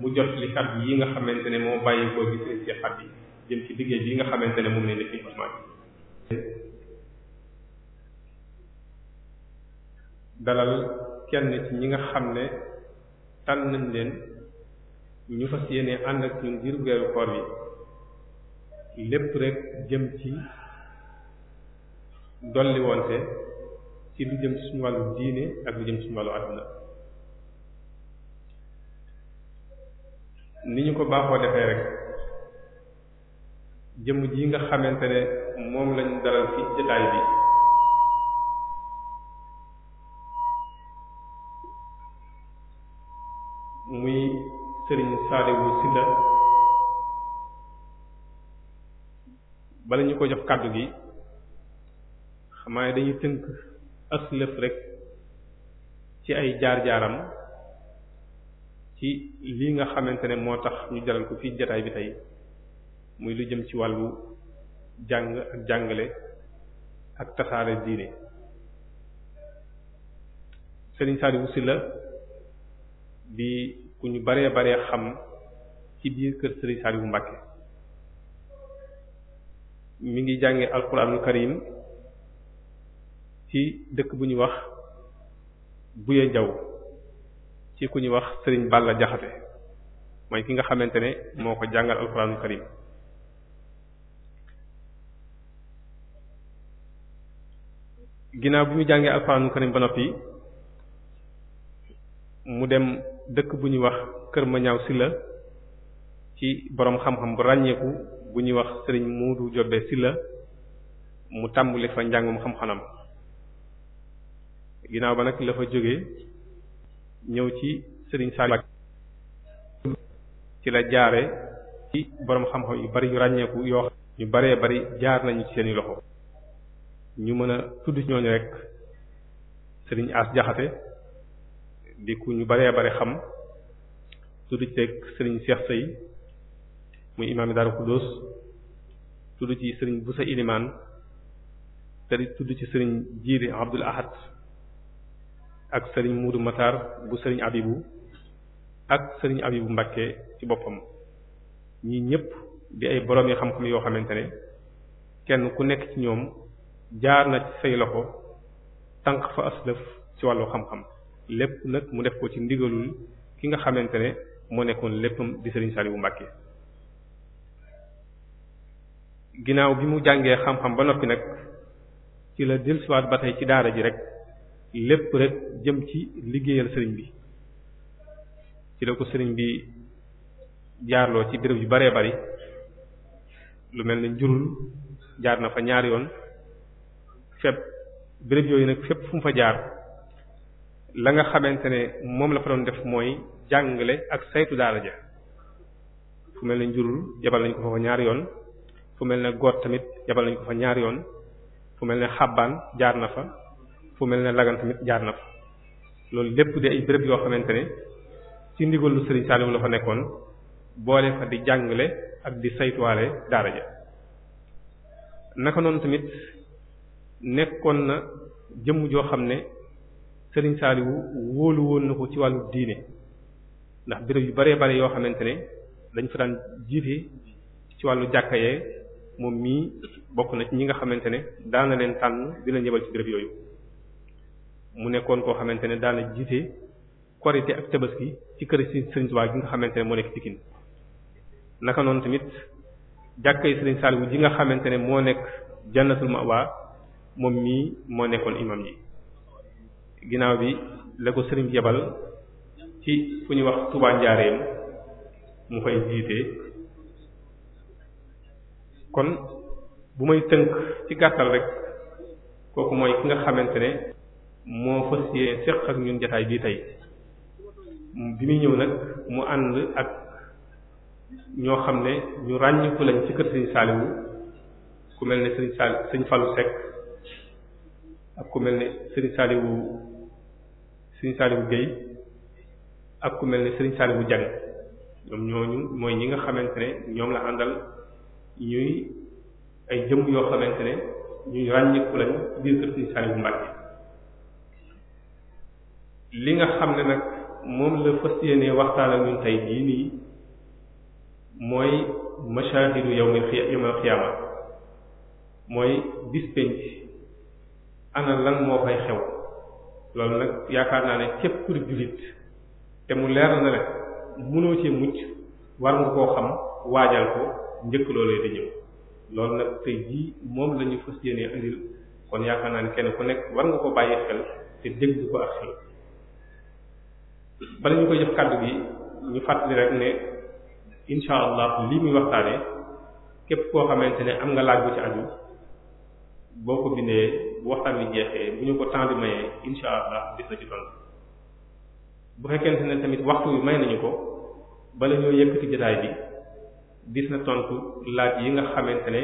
mu jot li kàddu yi nga xamante ne moo bàyyi koo gi seen xat yi jëm ci liggéey bi nga xamante ne moom lañ def ci jumaa ji dalal kenn ci ñi nga xam ne tànn nañ leen ñu fas yéene ànd ak ñun diiru weeru koor yi lépp rek jëm ci dolli ci lu jëm ci suñu wàllu diine ak lu jëm ci suñu wàllu àdduna ni ñu ko baaxoo defee rek jëmm ji nga xamante ne moom lañu dalal ci jotaay bi muy sëriñ Saaliwu Silla bala ñu ko jox kàddu gi xamaa ne dañuy tënk aslëf rek ci ay jaar-jaaram ci lii nga xamante ne moo tax ñu jaral ko fii jataay bi tey muy lu jëm ci wàllu jàng ak jàngale ak tasaare diine Serigne Saliou Sylla bi ku ñu baree baree xam ci biir kër Serigne Saliou Mbacké mi ngi jànge alxuraanul karim ci dëkk bu ñuy wax Buye Njaw ci ku ñuy wax sëriñ Balla Jaxate mooy ki nga xamante ne moo ko jàngal alxuraanul karim ginnaaw bu ñu jàngee alxuraanul karim ba noppi mu dem dëkk bu ñuy wax Kër Mañaaw Silla ci boroom xam-xam bu ràññeeku bu ñuy wax sëriñ Muudu Jobbe Silla mu tàmbuli fa njàngum xam-xamam ginnaaw ba nag la fa jógee ñëw ci Serigne Saliou ci la jaare ci boroom xam-xam yu bari yu ràññeeku yoo xam ñu baree bari jaar nañu ci seeni loxo ñu mën a tudd ci ñooñu rek Serigne As Jaxate di ku ñu baree bari xam tudd ci rek Serigne Cheikh Sey muy imaam Daaru Xuddoos tudd ci Serigne Boussa Ilimaan te di tudd ci Serigne Jiiri Abdul Ahad ak sëriñ muuru Matar bu sëriñ Abibu ak sëriñ Abibu Mbàkke ci boppam ñii ñëpp di ay borom yi xam-xam yoo xamante ne kenn ku nekk ci ñoom jaar na ci say loxo tànq fa aslëf ci wàllu xam-xam lépp nag mu def ko ci ndigalul ki nga xamante ne moo nekkoon léppam di sëriñ Saliou Mbàkke ginnaaw bi mu jàngee xam-xam ba noppi nag ci la dellusiwaat ba tey ci daara ji rek lépp rek jëm ci liggéeyal sëriñ bi ci la ko sëriñ bi jaarloo ci béréb yu baree bari lu mel ne njurul jaar na fa ñaar yoon fépp béréb yooyu nag fépp fu mu fa jaar la nga xamante ne moom la fa doon def mooy jàngale ak saytu daara ja fu mel ne njurul jabal nañ ko fa ñaar yoon fu mel ne goot tamit yabal ko fa yoon fu mel ne xabbaan jaar na fa fu mel ne lagan tamit jaar na ko loolu lépp di ay béréb yoo xamante ne ci ndigalu Serigne Saliou la fa nekkoon boole fa di jàngale ak di saytuwaale daara ja naka noonu tamit nekkoon na jëmm joo xam ne Serigne Saliou wóolu na ko ci wàllu diine ndax béréb yu bare bare yoo xamante ne dañ fa daan jiite ci wàllu jàkka yee moom mii bokk na ci ñi nga xamante ne daan na leen tànn dina ñëbal ci béréb yooyu mu nekkoon koo xamante ne daana jiite korite ak tabaski ci kër Sëriñ Tuubaa gi nga xamante ne moo nekk Pikine naka noonu tamit jàkkay Sëriñ nga xamante ne moo nekk Jannatul Ma'wa moom mii moo nekkoon imam yi ginnaaw bi la ko sëriñ yebal ci fu ñu wax Tuubaa Njaareem mu fay jiite kon bu may tënk ci gàttal rek kooku mooy ki nga xamante ne moo fas yee seq ak ñun jataay bii tey bi muy ñëw nag mu ànd ak ñoo xam ne ñu ràññiku lañ ci kër sëñ Saaliwu ku mel ne sëñ Saal sëñ Fallou Seck ak ku mel ne sëñ Saaliwu sëñ Saaliwu Guèye ak ku mel ne sëñ Saaliwu Jang ñoom ñooñu mooy ñi nga xamante ne ñoom la àndal ñuy ay jëmm yoo xamante ne ñuy ràññiku lañ biir kër sëñ Saaliwu Mbàkke li nga xam ne nag moom la fas yéenee waxtaan ak ñun tey jii nii mooy mashahidu yawmil yawmil xiyaama mooy bis penc ana lan moo fay xew loolu nag yaakaar naa ne képp ku jullit te mu leer na ne mënoo cee mucc war nga koo xam waajal ko njëkk loolee di ñëw loolu nag tey jii moom lañu ñu fas yéenee kon yaakaar naa ne kenn ku nekk war nga koo bàyyi xel te dégg ko ak xel bala ñu koy jox kàddu gi ñu fàttali rek ne insha allah lii muy waxtaane képp koo xamante ne am nga laaj bu ci aju boo ko bindee bu waxtaan wi jeexee bu ñu ko temps bi bu fekkente ne tamit waxtu wi may nañu ko bala ñoo yëkkati jotaay bi gis na tontu laaj yi nga xamante ne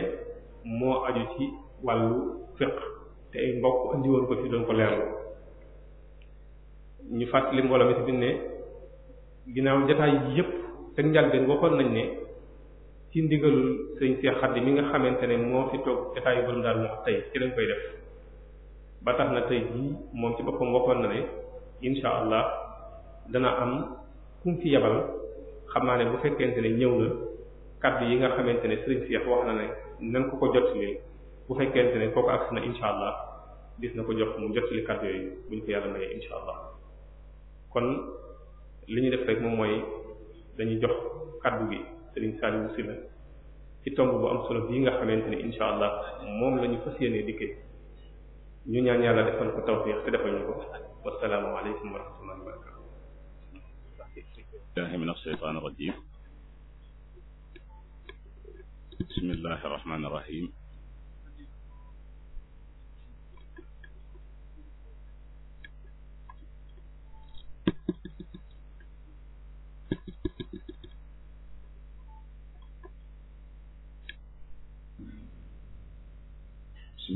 moo aju ci wàllu fiqh te ay mbokk andi ko fi doon ko leerlu ñu fàttali mbooloo mi tamit ne ginnaaw jataay yi yëpp te njàlbeen waxoon nañ ne ci ndigalul sëñ Cheikh Khady mi nga xamante ne moo fi toog jataayu borom daal moo tey ci na tey moom ci boppam waxoon na ne insha allah dana am kum fi yabal xam naa ne bu fekkente ne ñëw na kaddu yi nga xamante ne sëñ Cheikh wax na ne nan ko ko jot li bu fekkente ne kooku agsi na insha allah gis na ko jox mu jot li kaddu yooyu buñ ko yàlla mayee insha allah kon li ñu def rek moom mooy dañuy jox kaddu gi Serigne Saliou Sylla ci tomb bu am solo bii nga xamante ni insha allah moom la ñu fas yéenee dikkee ñu ñaan yàlla defal ko tawfiq te defal ñu ko wassalaamu aleykum wa rahmatullahi wa barakatuh billahi min ashaytaan irajim bismillahi irrahmani irrahim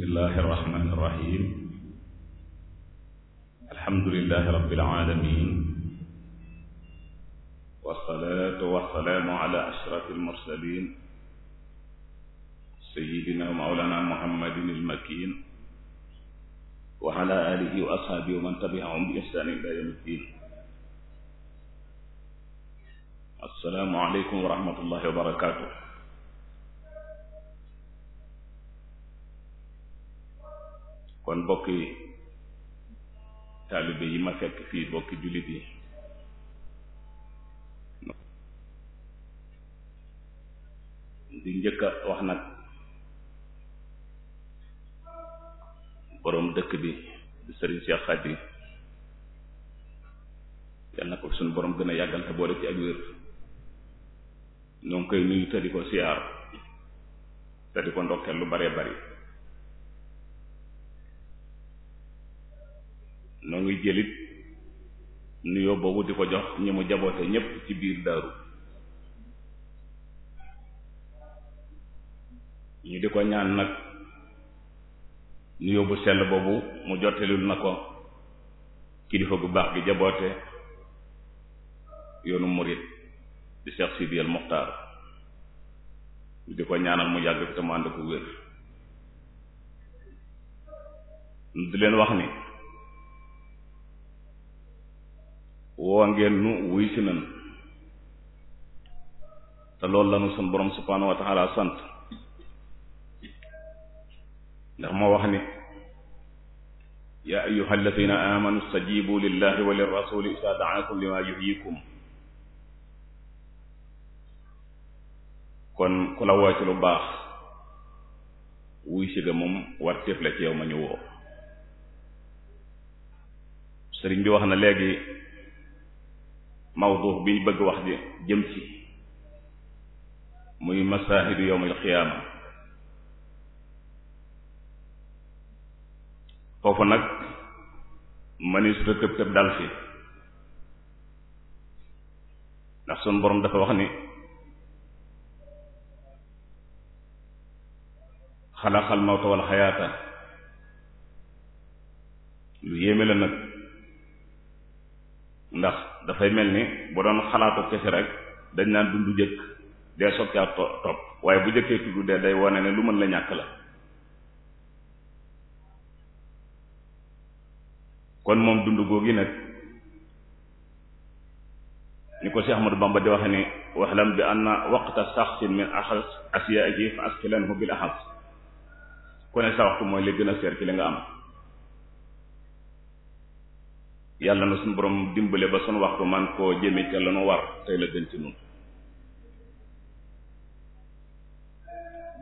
bismillahi irrahmani irrahim alhamdulilahi rabbil alamin wasalaatu wasalaamu ala ashrafil mursalin sayyidina mawlana muhammadin almakin wa ala alihi wa ashaabihi wa man tabi'ahum bi ihsaanin ilaa yawmi ddiin assalaamu aleykum wa rahmatullahi wa barakaatuh kon bokki taalibe yi ma fekk fii bokki jullit yi di njëkk wax nag boroom dëkk bi di sëriñ Cheikh Khady yal na ko suñu boroom gën a yàggal te boole ci ak wér ñoo ngi koy nuyu ko siyaar te ko ndokkeel lu baree bari noo ngi jëlit nuyoo boobu di ko jox ñi mu jaboote ñépp ci biir daaru ñu di ko ñaan nag nuyoo bu sell boobu mu jottelul na ko kilifa bu baax gi jaboote yoonu murit di Cheikh Sidi El Mokhtar ñu di ko ñaanal mu yàgg fi ànd ko wér di leen wax ni woo ngeen nu wuy si te loolu lanu sun borom subhaanahu wa taala sant ndax moo wax ni yaa ayyuha alladina amanu stajibu lillahi wa lirrasuli isa daakum lima yuhyikum kon ku la woo ci lu baax wuy si woo sëriñ bi wax na léegi mawdu bi ñu bëgg wax di jëm ci muy masaahidu yowmal xiyaama foofu nag mëneesuta tëb tëb dal fi ndax sunu boroom dafa wax ni xalaqal mawta wal xayaata lu yéeme la nag ndax dafay mel ni bu doon xalaatu kese rek dañ naan dund jëkk dee soog caa topp waaye bu jëkkee tudd dee day wane ne lu mën la ñàkk la kon moom dund googi nag ni ko Cheikh Ahmadou Bamba di waxe ni waxlam bi anna waqta saxsin min axas asiya ji fa askilanhu bil axas ku sa waxtu mooy li gën a seer ci li nga am yàlla na suñu borom dimbale ba suñu waxtu man koo jëme ca la nu war tey la gën ci nun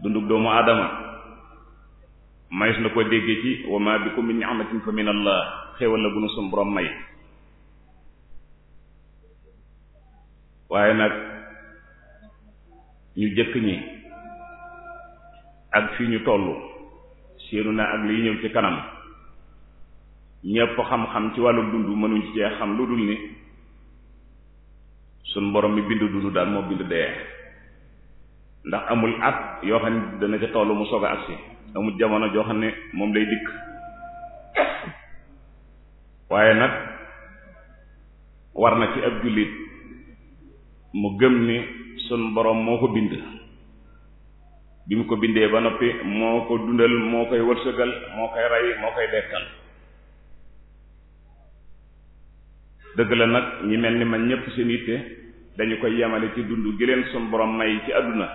dundug doomu aadama mayees na ko déggee ci wa ma bikum min ni'matin fa min allah xéewal la bu nu suñu borom may waaye nag ñu jëkk ñi ak fii ñu toll séenu naa ak liy ñëw ci kanam ñëpp xam-xam ci wàllu dund mënuñ ci cee xam lu dul ni suñ borom mi bind dund daal moo bind dee ndax amul at yoo xam ne dana ca toll mu soog a agsi amul jamono joo xam ne moom lay dikk waaye nag war na ci ab jullit mu gëm ni suñ borom moo ko bind bi mu ko bindee ba noppi moo ko dundal moo koy wërsëgal moo koy rey moo koy dekkal dëgg la nag ñi mel ni man ñépp seen yitte dañu koy yemale ci dund gi leen sunu borom may ci àdduna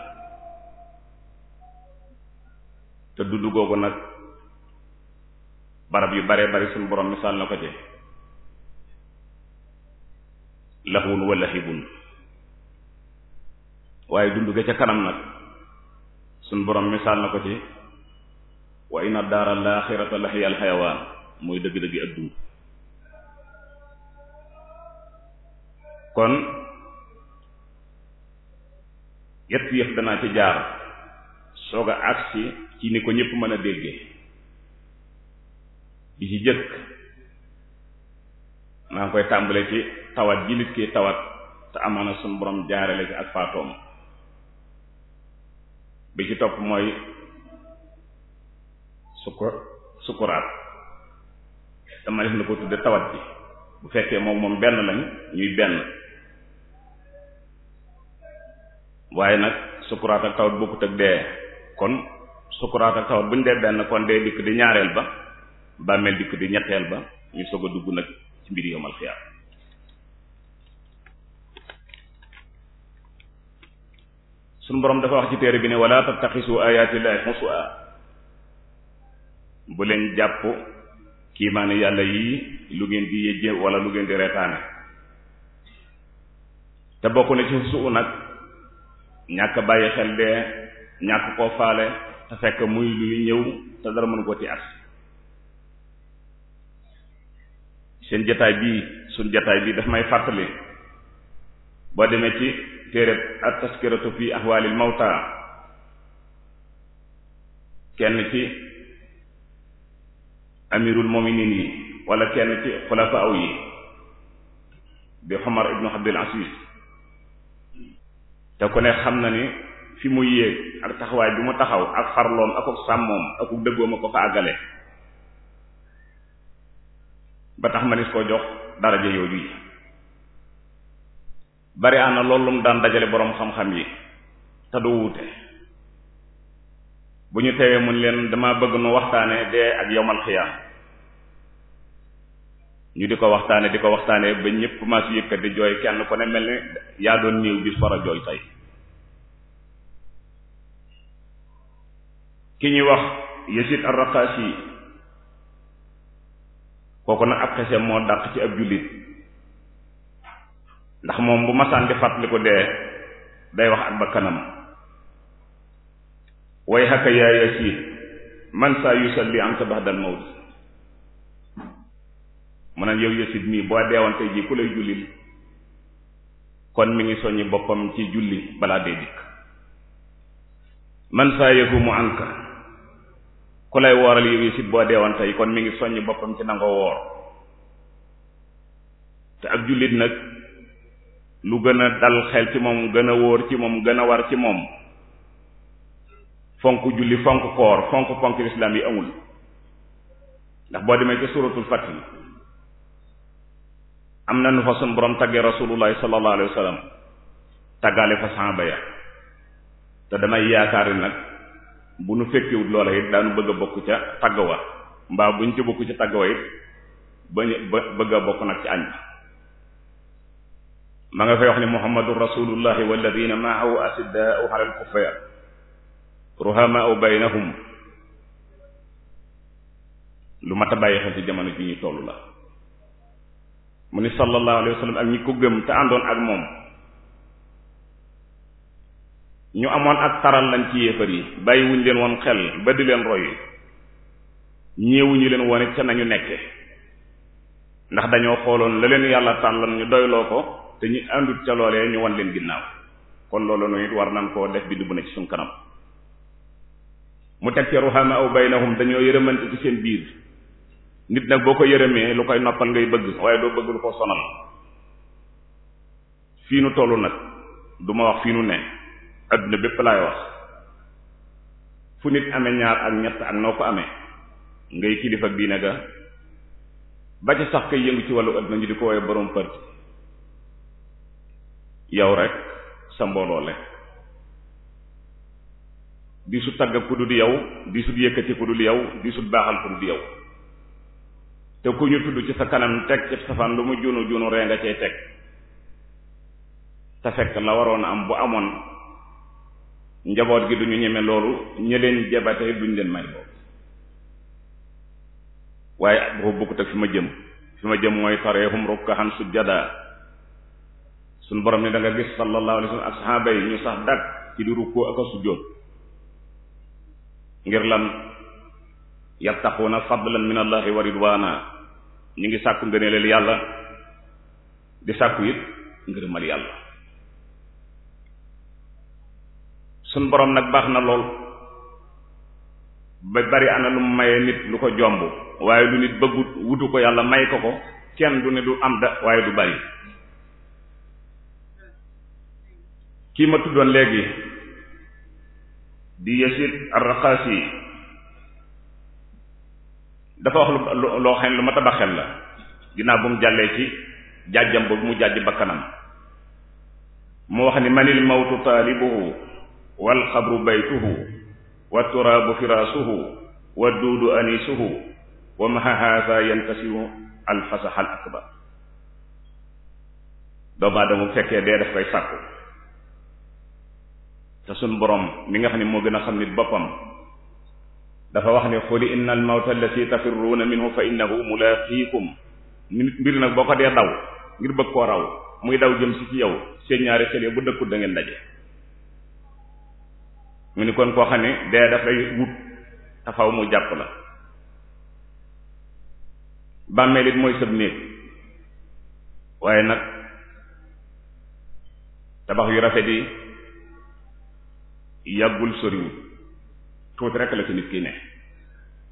te dund googu nag barab yu bare bari suñ borom misaal na ko ci laxwun wa laxibun waaye dund ga ca kanam nag sunu borom misaal na ko ci wa inna daara laaxirata laxiyal xayawaan mooy dëgg-dëgg ak dund kon yett yëf danaa ci jaar soog a agsi ci ni ko ñépp mën a déggee bi ci jëkk maa ngi koy tàmbale ci tawat ji nit ki tawat te amaana suñu borom jaarale ci ak faatoom bi ci topp mooy sukku sukuraat dama def na ko tudde tawat ji bu fekkee moom moom benn lañ ñuy benn waaye nag sukuraat ak tawat bokkut ak dee kon sukuraat ak tawat bu ñu dee benn kon dee dikk di ñaareel ba bàmmeel dikk di ñetteel ba ñu soog a dugg nag ci mbir yomal xiyaam suñu borom dafa wax ci téere bi ne wala tattaxisu ayatillahi husua bu leen jàpp kiimaani yàlla yii lu ngeen di yëjje wala lu ngeen di reetaane te bokk na ci husuu nag ñàkk bàyyi xel dee ñàkk koo faale te fekk muy luy ñëw te dara mënu ko ci seen jataay bii suñ jataay bii daf may fàttali boo demee ci téereb at taskiratu fi ahwalil mawta kenn ci amirul mominin yi wala kenn ci xulafaaw yi di xomar ibnu abdul aziz te ko ne xam na ni fi mu yéeg ak taxawaay bi mu taxaw ak farloom ak ak sàmmoom ak ak dëggoom a ko fa àggale ba tax ma ni koo jox daraja yooyu yi bari ana loolu mu daan dajale boroom xam-xam yi te du wuute bu ñu teewee mun leen dama bëgg nu waxtaanee dee ak yowmal xiyaam ñu di ko waxtaanee di ko waxtaanee ba ñëpp commencé yëkkat di jooy kenn ko ne mel ne yaa doon néew bis war a jooy tey ki ñuy wax Yazid ar yi kooku nag ab xesee moo dàq ci ab jullit ndax moom bu masaan di fàttali ko dee day wax ak ba kanam way haka yaa Yazid man saa yusalli anka ba'dal mawt mu ne yow yësit mii boo deewoon tey jii ku lay jullil kon mi ngi soññi boppam ci julli balaa dee dikk man saa yëgumu anka ku lay wooral yow yësit boo deewoon tey kon mi ngi soññi boppam ci nangoo woor te ab jullit nag lu gën a dal xel ci moom gën a wóor ci moom gën a war ci moom fonk julli fonk koor fonk fonk lislaam yi amul ndax boo demee ca suratul fatih am na nu fa sun borom tagge rasulullahi sallallahu alayhi wa sallam taggaale fa saaba ya te damay yaakaari nag bu nu fekkiwut loola it daanu bëgg a bokk ca tagg wa mbaa bu ñu ci bokk ci tagg wa it ba bëgg bokk nag ci añ ma nga fay wax ni muhammadun rasulullahi walladina maahu asiddaau ala alkuffar ruhamaau baynahum lu mat a bàyyi xel ci jamono ji ñu toll la mu ni sallallahu alayhi wa ak ñi ko gëm te àndoon ak moom ñu amoon ak taral lañ ci yéefar yi bàyyiwuñu leen woon xel ba di leen roy ñeewuñu leen woon it ca nañu nekke ndax dañoo xooloon la leen yàlla tànlan ñu doyloo ko te ñu àndut ca loolee ñu wan leen ginnaaw kon loolu noonu it war nañ koo def bind bu ne ci suñ kanam mu teg ca ruhama aw baynahum dañoo yërëmante ci seen biir nit nag boo ko yërëmee lu koy noppal ngay bëgg waaye doo bëgg lu ko sonal fii nu toll nag duma wax fii nu ne àdduna bépp laay wax fu nit amee ñaar ak ñett ak noo ko amee ngay kilifa diine ga ba ci sax kay yëngu ci wàllu adduna ñu di ko woowee borom parti yow rek sa mbooloo lekk di su tagg ku dul yow di su yëkkati ku yow di su baaxal ku dul yow te ku ñu tudd ci sa kanam teg ci safaan lu mu junu junu ree nga cay teg te fekk la waroon am bu amoon njaboot gi duñu ñeme loolu ñi leen jabatee duñ leen may loolu waaye dafa bokkut ak fi ma jëm fi ma jëm mooy tareehum rukkahan sujjada suñ borom ni da nga gis sallallahu alayhi wa sallam ak saxaaba yi ñu sax dàq ci di rukkoo ak a sujjóot ngir lan yattaquuna fadlan min allahi wa ñu ngi sàkku ngëneelal yàlla di sàkku it ngërëmal yàlla suñ boroom nag baax na lool ba bari ana lu maye nit lu ko jomb waaye lu nit bëggut wutu ko yàlla may ko ko kenn du ne du am da waaye du bari kii ma tuddoon léegi di Yasid yi dafa wax lu loo xam ne lu mat a la ginnaaw bu mu jàllee ci jàjjam boobu mu jàjj bakkanam mu wax ni manil mawtu taalibuhu wal xabru baytuhu wa turaabu firaasuhu wa duudu aniisuhu wa maha haasa yantasiru alfasax al doomu aadama bu fekkee dee daf koy sàkku te suñ borom mi nga xam ne moo gën a xam nit boppam dafa wax ne qul inna al mawta allati tafirruuna minhu fa innahu mulaaqiikum mbir nag boo ko dee daw ngir bëgg koo raw muy daw jëm si ci yow seen ñaari xel bu dëkkut da ngeen daje ni kon koo xam ne dee daf wut tafaw mu jàpp la bàmmeel it mooy sëb néeg waaye nag tabax yu rafet yi yàggul soriwul tuuti rek la ci nit ki ne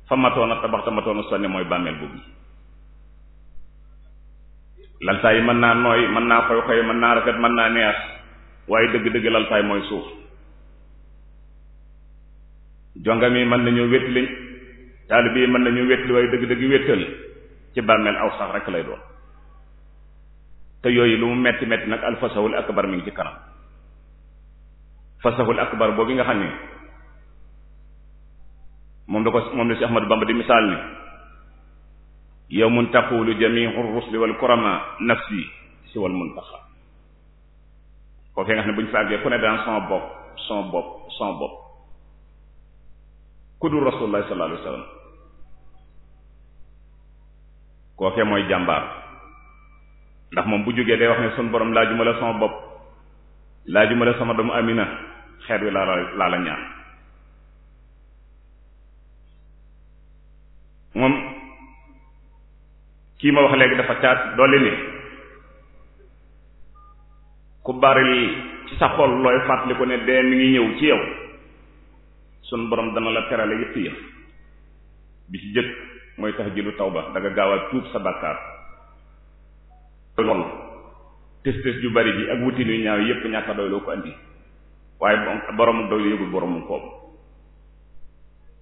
fa matoon a tabax matoon sonni mooy bàmmeel boobu laltaay yi mën naa nooy mën naa xoy xoy mën naa rafet mën naa neex waaye dëgg-dëgg laltaay mooy suuf jongam yi mën nañu wétli taalib yi mën nañu wétli waaye dëgg-dëgg wéttal ci bàmmeel aw sax rek lay doon te yooyu lu mu metti metti nag al fasahul akbar mi ngi ci kanam fasahul akbar boobu nga xam ne moom da ko moom la si Ahmadu Bamba di misaal ni yawmun taqulu jamihu rusli wal kurama nafsi si wal muntaxa foofee nga xam ne bu fa àggee ku ne daan sama bopp sama bopp ku dul rasulullah mooy jàmbaar ndax moom bu jógee day wax ne sun borom laajuma la sama bopp laajuma la sama doomu amina xeet wi laa la laa la ñaan moom kii ma wax léegi dafa caat doole ni ku bari ci sa xol looy fàttaliku ne dee mi ngi ñëw ci yow sunu borom dana la terale yëpp yëpp bi ci jëkk mooy tax jëlu tawba da nga gaaw tuub sa bàkkaar lool tës tës ju bari bi ak wuti nu ñaaw yëpp ñàkk a doy ko andi waaye boroomu doy lu yëgul boroomu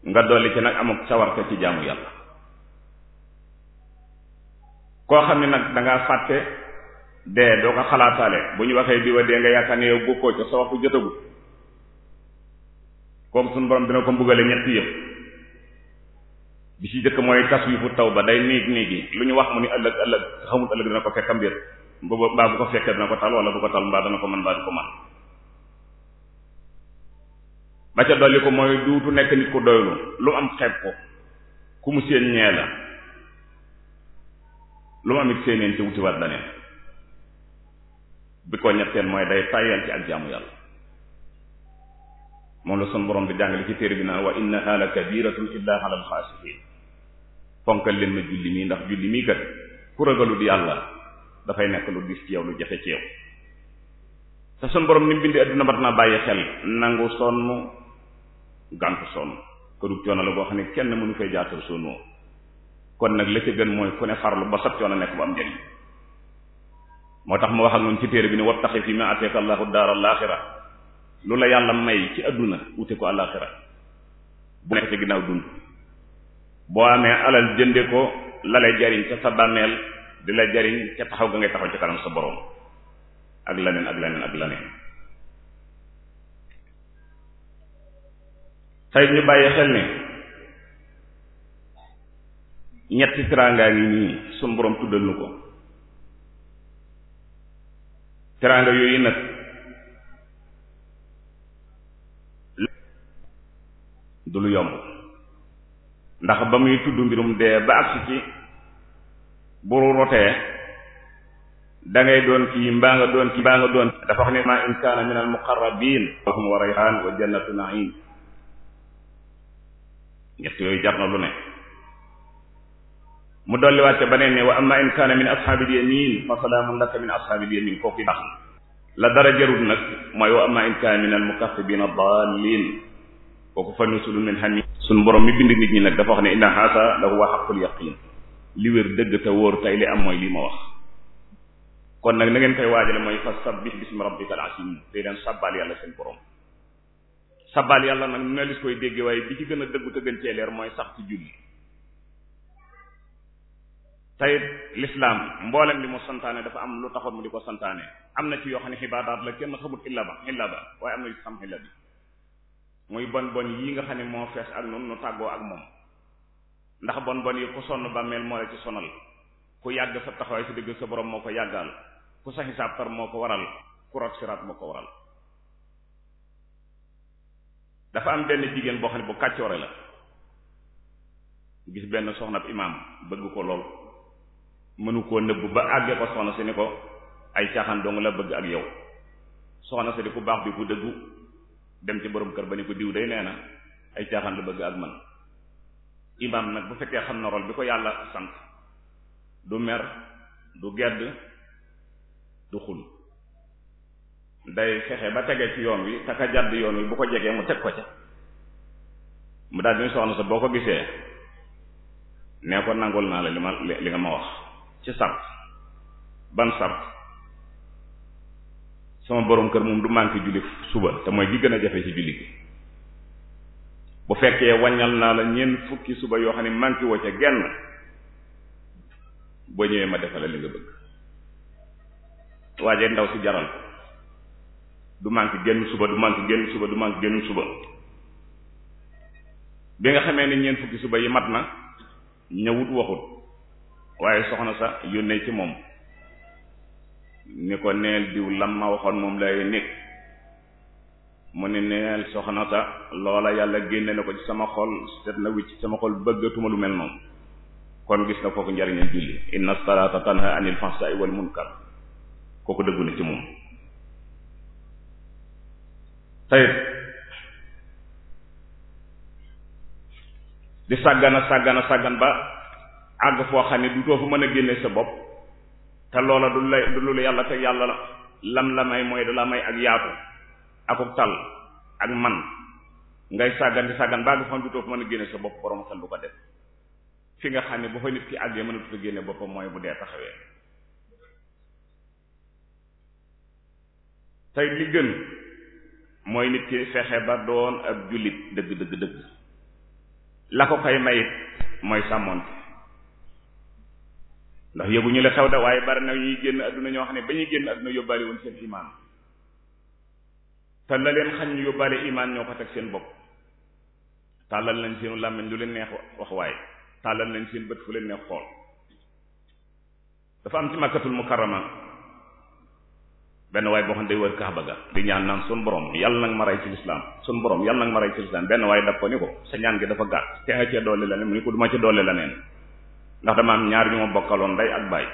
nga dolli ci nag amuk sawarte ci jaamu yàlla koo xam ne nag danga ngaa fàtte dee doo ko xalaataale bu ñu waxee diwa dee nga yaakaar ne yow bokkoo ca sa waxtu jotagu kooku suñu borom dina ko mbugale ñetti yëpp bi ci jëkk mooy kas wi taw ba day niig niigi lu ñu wax mu ni ëllëg ëllëg xamut ëllëg dina ko fekk mbir mbaa bu ko fekkee dina ko tal wala bu ko tal mbaa dana ko mën mbaa du ko mën ba ca dolli ko mooy duutu nekk nit ku doylu lu am xeet ko ku mu seen ñee la lu ma amit séeneen ci wutiwaat daneen bi ko ñetteel mooy day tàyyal ci ak jaamu yàlla moom la sun borom bi jàngale ci téere bi naan wa innaha la kabiratun illa ala alxaasiin fonkal leen ma julli mii ndax julli mii kat ku ragalut yàlla dafay nekk lu gis ci yow lu jafe ci sa te sun borom ni mu bindi adduna mat naa bàyyi xel nangu sonn gàntu sonn këru coono la boo xam ne kenn mënu fay jaatal sonoo kon nag la ca gën mooy ku ne farlu ba sab coono nekk bu am njëriñ moo tax mu wax ak ñun ci téere bi ne wattaqi fi ma ateka allahu daar alaxira lu la yàlla may ci adduna wute ko alaxira bu nekk ci ginnaaw dund boo amee alal jënde ko la lay jariñ ca sa bàmmeel di la jariñ ca taxaw ga ngay taxaw ci kanam sa boroom ak leneen ak leneen ak leneen tey ñu bàyyi xel ne ñetti teraanga ngi nii suñ tuddal nu ko teraanga yooyu nag du lu yomb ndax ba muy tudd mbirum dee ba agsi ci bu rotee da doon kii mbaa nga doon kii mbaa nga doon kii dafa xam ne ma in min al muqarrabin wa rayhan wa jannatu naim ñett yooyu jar na lu ne mu dolliwaat ca beneen ne wa amma in kaana min ashaabil yamin fa salaamun laka min ashaabil yamin kooku baax la dara jarul nag mooy wa amma in kaana min al mukaththibina daalin kooku fa nusulun min hamim suñ borom mi bind nit ñi nag dafa wax ne inna haasa la huwa haqqul yaqin li wér dëgg te wóor tey li am mooy lii ma wax kon nag na ngeen koy waajale mooy fa sabbih bismi rabbikal azim tey leen sabbaal yàlla seen borom sabbaal yàlla nag nu ne lis koy dégge waaye bi ci gën a dëggu te mooy sax tayit l'islam mboolem li mu santaane dafa am lu taxoon mu di ko santaane am na ci yoo xam ne xibaadaat la kenn xamut illa ba illa ba waaye am na ci xam illa bi muy bon bon yi nga xam ne moo fees ak noonu nu tàggoo ak moom ndax bon bon yi ku sonn bàmmeel moo la ci sonal ku yàgg sa taxawaay si dëgg sa borom moo ko yàggal ku sa xisaab tar moo ko waral ku rot siraat moo ko waral dafa am benn jigéen boo xam ne bu kàccoore la gis benn soxna ab imaam bëgg ko mënu koo nëbb ba àggee ko soxna si ni ko ay caaxaan dong la bëgg ak yow soxna si di ku baax bi ku dëggu dem ci borom kër ba ni ko diw day nee na ay caaxaan la bëgg ak man imaam nag bu fekkee xam na rôle bi ko yàlla sant du mer du gedd du xul day fexe ba tegee ci yoon wi taka jàdd yoon wi bu ko jegee mu teg ko ca mu daal di soxna sa boo ko gisee nee ko nangul naa la li ma li nga ma wax ci sàrt ban sàrt sama borom kër moom du manqué julli suba te mooy gi gën a jafe ci julli gi bu fekkee wàññal naa la ñeent fukki suba yoo xam ne manqué woo ca genn boo ñëwee ma defale li nga bëgg waajee ndaw si jaral du manqué genn suba du manqué genn suba du manqué genn suba bi nga xamee ne ñeent fukki suba yi mat na ñëwut waxut waaye soxna sa yónnee ci moom ni ko neel diw lam ma waxoon moom lay nekk mu ne neel soxna sa loola yàlla génne na ko ci sama xol set na wicc sama xol bëgg bëggatuma lu mel noonu kon gis na kooku njariñal julli inna salata tanha anil fahsai wal munkar kooku dëggu na ci moom tayit di sàggana sàggana sàggan ba àgg foo xam ne du too fa mën a génne sa bopp te loola du lay du lu yàlla te yàlla lam la may mooy da la may ak yaatu akuk tal ak man ngay sàggan di sàggan ba àgg foo xam du too fa mën a génne sa bopp borom xel du ko def fi nga xam ne bu ko nit ki àggee mënatu fa génne boppam mooy bu dee taxawee tey li gën mooy nit ki fexe ba doon ak jullit dëgg dëgg dëgg la ko koy mayit mooy sàmmoonte ndax ñu la xew da waaye bari na ñuy génn adduna ñoo xam ne ba ñuy génn adduna yóbbaale woon seen imaan te la leen xañ ñu yóbbaale imaan ñoo ko teg seen bopp tàllal nañ seenu làmmiñ lu leen neex wax waaye tàllal nañ seen bët fu leen neex xool dafa am ci makkatul mukarrama benn waay boo xam day wër kaaba ga di ñaan naan sun borom yàlla nag ma rey ci lislaam sun borom yàlla nag ma rey ci lislaam benn waay daf ko ni ko sa ñaan gi dafa gàtt te la ne mu ni ko duma ca la neen ndax dama am ñaar ñu ma bokkaloon ndey ak baay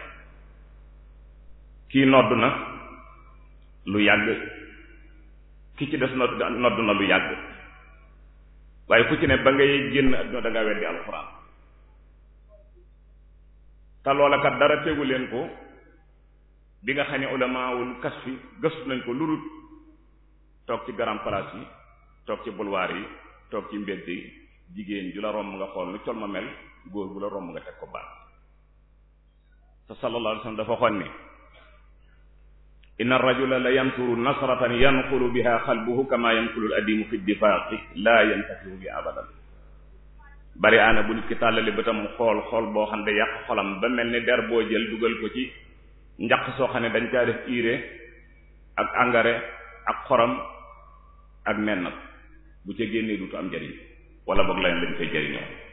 kii nodd na lu yàgg kii ci des nodd nodd na lu yàgg waaye ku ci ne ba ngay génn adduna da ngaa weddi alxuraan te dara tegu leen ko bi nga xam ne ulamaawul kas fi gëstu nañ ko lurut toog ci grand place yi toog ci boulevard yi toog ci mbedd yi jigéen ju la romb nga xool lu col ma mel góor bu la romb nga teg ko baat te sallallahu alayhi wasallam dafa waxoon ne inna rajula la yamkuru nasratan yanqulu biha xalbuhu kama yanqulu al-adimu fi difaaqi laa yantafihu bi abadan bari aana bu nit ki tàllali bëtam xool xool boo xam ne yàq xolam ba mel ni der boo jël dugal ko ci njaq soo xam ne dañ caa def urée ak engrais ak xorom ak nen nag bu ca génnee dutu am njariñ wala boog lañ lañ koy jariñoo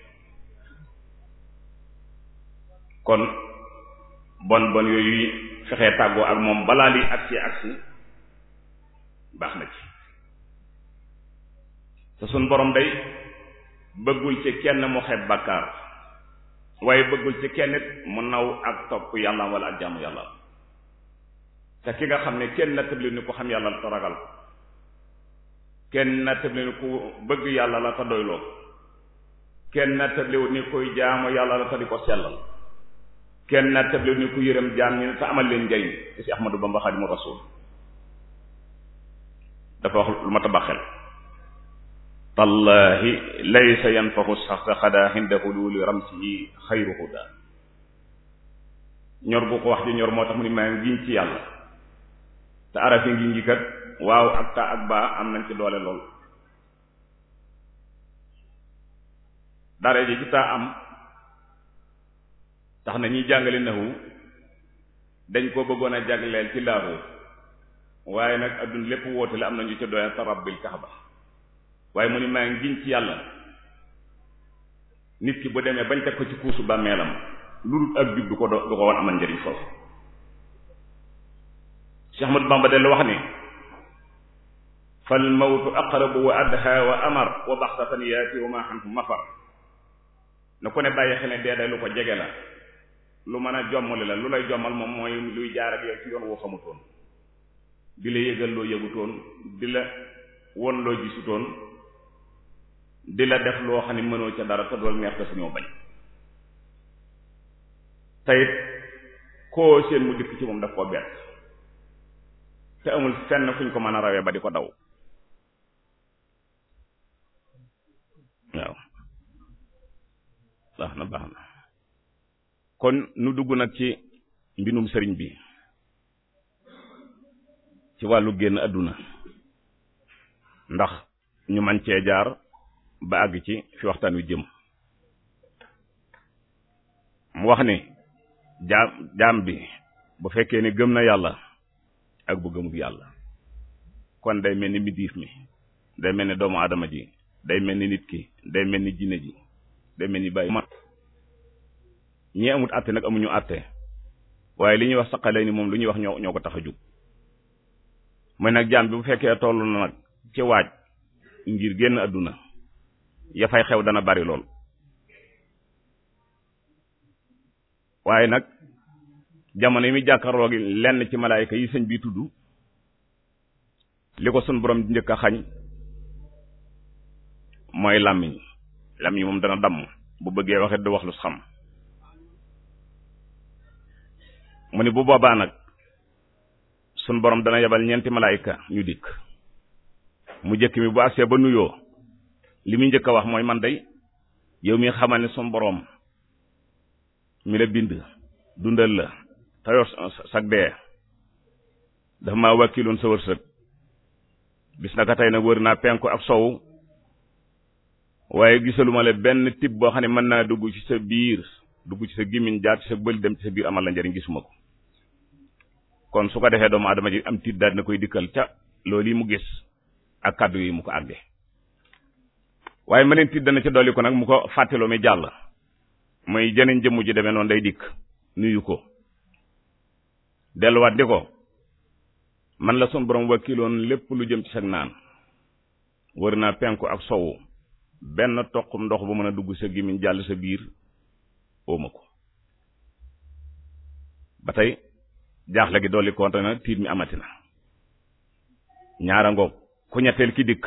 kon bon bon yooyu fexee tàggoo ak moom balaa li agsi agsi baax na ci te suñ borom day bëggul ci kenn mu xeeb bàkkaar waaye bëggul ci kenn it mu naw ak topp yàlla wala ak jaamu yàlla te ki nga xam ne kenn na tëbli ni ku xam yàlla la te ragal ko kenn na tëbli ni ku bëgg yàlla la te doyloo kenn na tëbli ni kuy jaamu yàlla la te di ko sellal kenn naa table ni ku yërëm jaam ñi ne amal leen njariñ te si Ahmadu Bamba Xaadimu Rasuul dafa wax lu ma tabax xel tallaahi laysa yanfaxu saxsa xadaa hinda hululi ramsihi xayru huda ñor bu ko wax ji ñor moo tax mu ni maa ngi ci yàlla te araf yi ngi kat waaw ak ta ak baa am nañ ci doole lool dara ji ci taa am tax na ñuy jàngale naxu dañ koo bëggoon a jàngaleel ci laaxu waaye nag adduna lépp woote la am na ñu ca doyal sa rabbil kaaba waaye mu ni maa ngi giñ ci yàlla nit ki bu demee bañ teg ko ci kuusu bàmmeelam lu dul ak jub du ko do- du ko wan amal njëriñ foofu Cheikh Ahmadou Bamba dellu wax ni fal mawtu aqrabu wa adha wa amar wa baxtatan yaati wa ma xanhu mafar na ko ne bàyyi xel dee day lu ko jege la lu mën a jommali la lu lay jommal moom mooy luy jaar ak yow ci yoon woo xamutoon di la yëgal loo yëgutoon di la won loo gisutoon di la def loo xam ne mënoo ca dara te dool neex ko suñoo bañ tayit koo seen mu dikk ci moom daf ko bett te amul fenn fuñ ko mën a rawee ba di ko daw waaw baax na baax na kon nu dugg nag ci mbindum sëriñ bi ci wàllu génn àdduna ndax ñu man cee jaar ba àgg ci fi waxtaan wi jëm mu wax ni jaam jaam bi bu fekkee ne gëm na yàlla ak bu gëmut yàlla kon day mel ni mbindiif mi day mel ni doomu aadama ji day mel ni nit ki day mel ni jinné ji day mel ni bàyyi ma ñi amut àtte nag amuñu àtte waaye li ñuy wax saqale ni moom lu ñuy wax ñoo ñoo ko tax a jug mooy nag jaam bi bu fekkee toll na nag ci waaj ngir génn àdduna yafay xew dana bari lool waaye nag jamono yi muy jàkkaarloo lenn ci malaayika yi sëñ bi tudd li ko sun borom njëkk a xañ mooy làmmiñ làmmiñ moom dana damm bu bëggee waxit du wax lu xam mu ni bu boobaa nag suñ borom dana yebal ñeenti malaayika ñu dikk mu jëkk mi bu agsee ba nuyoo li muy njëkk a wax mooy man day yow mi xamal ne sunu boroom mi la bind dundal la tayoor sag dee dafa maa wàkkiloon sa wërsëg bis naka tey nag wër naa penku ak sowu waaye gisaluma la benn tib boo xam ne mën naa dugg ci sa biir dugg ci sa gémmiñ jaar ci sa bël dem ci sa biir amal la njariñ gisuma ko kon su ko defee doomu adama ji am tiit daal koy dikkal ca loolu yi mu gis ak kàddu yi mu ko àgge waaye meneen tiit dana ci dolli ko nag mu ko fàttaloo mi jàll muy jeneen jëmm ji demee noon day dikk nuyu ko delluwaat di ko man la sun borom wakiloon lépp lu jëm ci sag naan wër naa penku ak sowu benn toqum ndox bu mën a dugg sa gémmiñ jàll sa biir óoma ko ba tey jaaxle gi dolli konte na tiit mi amati na ñaara ngoog ku ñetteel ki dikk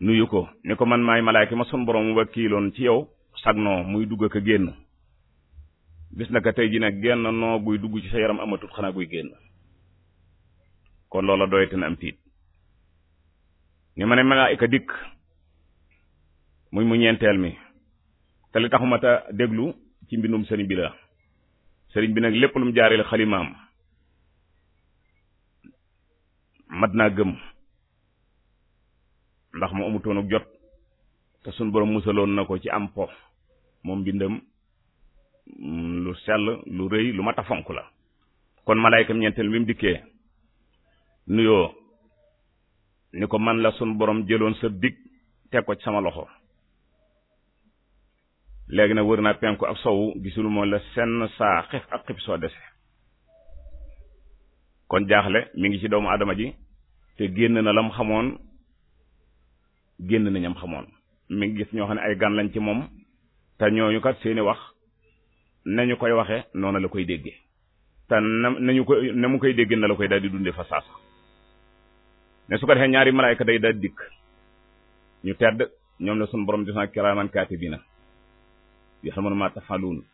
nuyu ko ni ko man maay malaayka ma sun borom wakiiloon ci yow sagnoo muy dugg ak a génn gis na ko tey ji nag genn noo guy dugg ci sa yaram amatut xanaa guy génn kon loola doyati na am tiit ni ma ne malaayka dikk muy mu ñeenteel mi te li taxuma déglu ci mbindum sëriñ bi sëriñ bi nag lépp lu mu jaareel xalimaam mat naa gëm ndax mu amutoon ak jot te suñ borom musaloon na ko ci am po moom bindam lu sell lu rëy lu mat a fonk la kon malaayikam ñeenteel bi mu dikkee nuyoo ni ko man la sun borom jëloon sa dig teg ko ci sama loxo léegi nag wër naa penku ak sowu gisul moo la senn saa xef ak xib soo dese kon jaaxle mi ngi ci doomu adama ji te génn na la mu xamoon génn na ñam xamoon mi ngi gis ñoo xam ne ay gan lañ ci moom te ñooñu kat seeni wax nañu koy waxe noonu la koy déggee te na nañu koy na mu koy déggee na la koy daal di dunde fa saasa ne su ko defee ñaari malaayka day daal dikk ñu tedd ñoom la suñu borom di sana bii na yaxlamuna ma tafaluun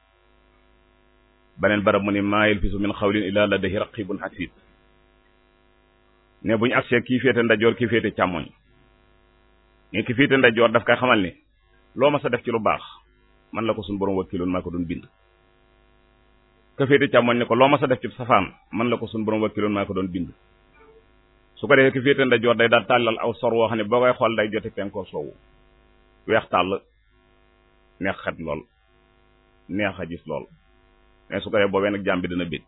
beneen barab mu ne maa yalfisu min xawlin illaa ladayhi raqibun xasid ne bu ñu agsee kii féete ndajoor kii féete càmmoñ ne ki féete ndajoor daf kay xamal ni loo ma sa def ci lu baax man la ko suñu borom wakkiloon maa ko doon bind ka ne ko loo ma sa def ci safaan man la ko suñu borom wakkiloon maa ko doon bind su ko defee ki féete ndajoor day daal tàllal aw sor woo xam ne boo koy xool day jote penko soowu weex tàll neex xet lool neex a gis lool mais su ko boobee nag jàmm bi dana bég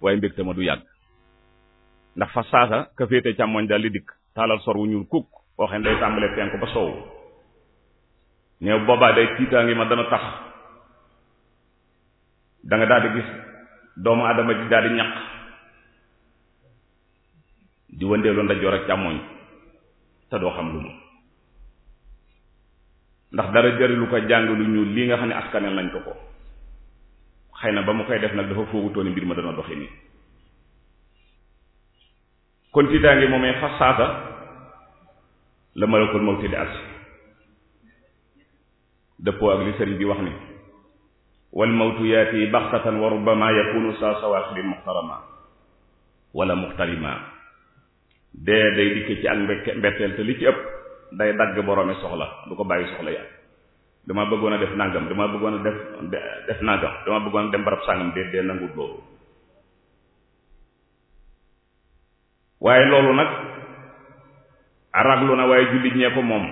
waaye mbégte ma du yàgg ndax fa saasa ka càmmoñ daal di dikk taalal sor wu ñuul kukk woo xam ne day tàmbalee fenk ba soow ñëw boobaa day tiitaangi ma dana tax danga nga gis doomu adama ji daal di ñaq di wëndeelu ndajoor ak càmmoñ te doo xam lu mu ndax dara jarilu ko jàng lu ñuul lii nga xam ne askanel nañ ko ko xëy na ba mu koy def nag dafa foogutooni mbir ma dana doxi nii kon tiitaange moomee fas saasa la malakul mawti di agsi dëppoo ak li sëriñ bi wax ni wal mawtu yaati baxtatan wa rubbama yakunu sa sawaaxirin muxtarama wala muxtarima dee day dikke ci ak mbetteel te li ci ëpp day dagg boroomi soxla du ko bàyyi soxla ya dama bëggoon a def nangam dama bëggoon a def def nangam dama bëggoon a dem barab sàngam dee dee nangut loolu waaye loolu nag raglu na waaye jullit ñee ko moom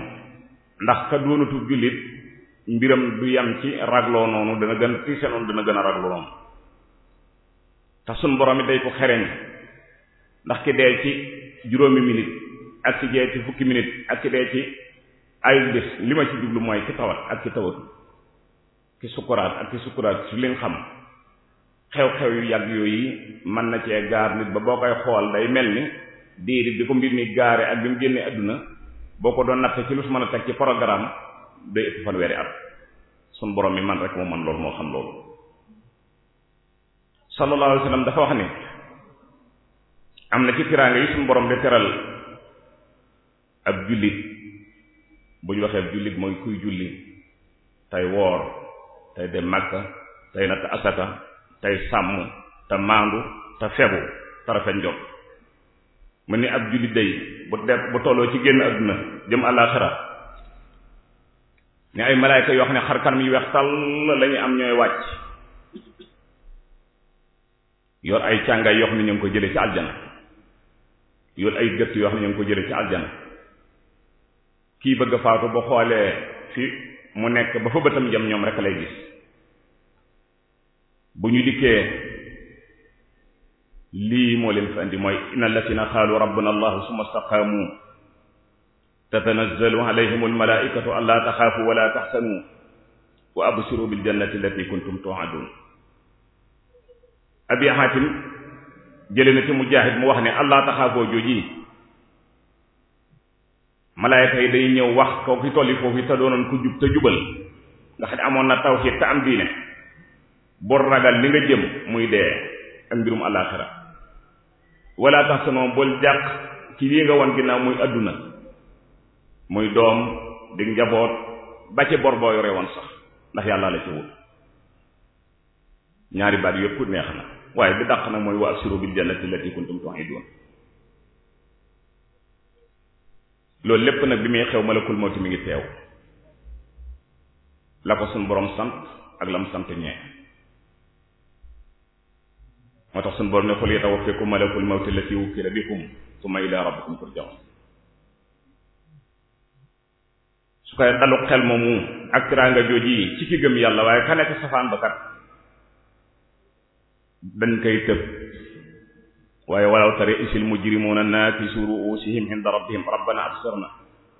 ndax ka doonatu jullit mbiram du yam ci ragloo noonu dana gën tiise noonu dana gën a raglu noonu te sun borom it day ko xereñ ndax ki dee ci juróomi minute ak ci jee ci fukki minute ak ci dee ci ayu bis li ma ci jublu mooy ki tawat ak ki tawat ki sukuraat ak ki sukuraat su leen xam xew-xew yu yàgg yooyu mën na cee gaar nit ba boo koy xool day mel ni diiri bi ko mbir mi gaare ak bi mu génnee àdduna boo ko doon natte ci lu su mën a teg ci programme day ëpp fanweeri at sun borom mi man rek moo man loolu moo xam loolu sallallahu alayhi dafa wax ni am na ci tiraanga yi suñu borom teral ab jullit bu ñu waxee ab jullit mooy kuy julli tey woor tey dem màkka tey natt asaka tey sàmm te maandu te febu te njot mu ni ab jullit day bu de bu tolloo ci génn àdduna jëm àllaaxira ni ay malaayka yoo xam ne xar yu weex tàll lañuy am ñooy wàcc yor ay càngaay yoo xam ne ñu ngi ko jëlee ci aljana yor ay gëtt yoo xam ne ñu ngi ko jëlee ci aljana kii bëgg a faatu ba xoolee fi mu nekk ba fa bëtam jëm ñoom rek lay gis bu ñu dikkee lii moo leen fi andi mooy inna allatina qaalu rabbuna allahu summa staqaamu tatanazzalu alayhim almalaikatu an laa taxaafu wala taxsanu wa absiru biljannati allati kuntum tuadun abi hatim jële na ci mujaahid mu wax ne allah taxaafoo jooji malaayka yi day ñëw wax ko ki tolli foofu te doonoon ku jub te jubal nga xam ne amoon na tawfiq te am diine bor ragal li nga jëm muy dee ak mbirum alaxira wala tax sanoo bul jàq ci lii nga won ginnaaw muy àdduna muy doom di njaboot ba ci bor boo yore woon sax ndax yàlla la ci wut ñaari baat yëpp neex na waaye bi dàq nag mooy wa asiru bil jannati allati kuntum tu'idun loolu lépp nag bi muy xew malakul mawti mi ngi teew la ko suñ boroom sant ak lam sant ñee moo tax suñ boroom ne xul yatawaffakum malakul mawti allati wukkila bikum summa ila rabbikum turja'un su koy dalu xel moomu ak tiraanga jooji ci ki gëm yàlla waaye ka nekk safaan ba kat dañ koy tëb waaye walaw tara isil mujrimuuna naakisu ruusihim inda rabbihim rabbana absirna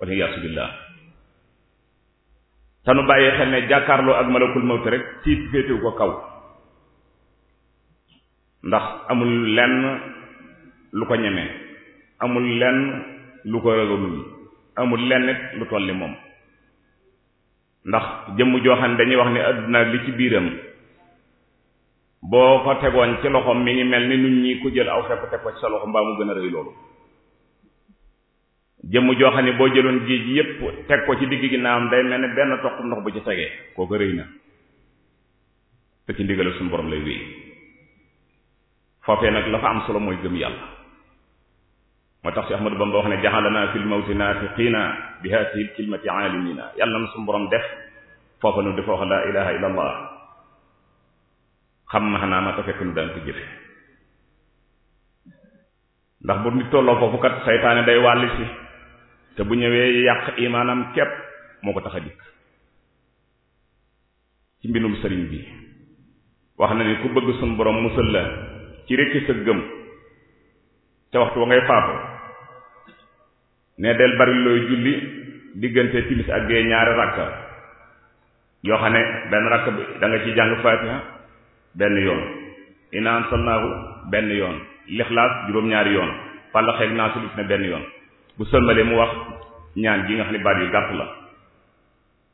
wal iyaasu billah te nu bàyyi xel ne jàkkaarloo ak malakul mawti rek tiit féetewu ko kaw ndax amul lenn lu ko ñemee amul lenn lu ko ragalul amul lenn lu tolli moom ndax jëmm joo xam ne dañuy wax ni àdduna li ci biiram boo ko tegoon ci loxoom mi ngi mel ni nun ñi ku jël aw fepp teg ko ci sa loxo mbaa mu gën a rëy loolu jëmm joo xam ne boo jëloon géej yépp teg ko ci digg ginnaawam day mel ni benn toq ndox bu ci tegee kooku rëy na te ci ndigal suñu lay wéy foofee nag la fa am solo mooy gëm yàlla moo tax si Ahmadu Bamba wax ne jaxalana fil mawti naafiqiina bi haatihi l kilmati aalimina yàlla na suñu def foofa nu dafa wax laa ilaha illa xam na xanaa ma te fekk nu daan ko jëfe ndax bu nit tolloo foofu kat day wàll te bu ñëwee yàq imaanam képp moo ko tax a dikk ci mbindum sëriñ bi wax na ni ku bëgg suñ borom musal la ci rekki sa gëm te waxtu wa ngay faatu ne del bari looy julli diggante timis ak gee ñaari rakka yoo xam ne dana rakk bi da ci jàng faatiha benn yoon inna ansalnaahu benn yoon lixlaas juróom-ñaari yoon fàllaxeeg naa sudif ne benn yoon bu sëlmalee mu wax ñaan gi nga xam ne baat yu gàtt la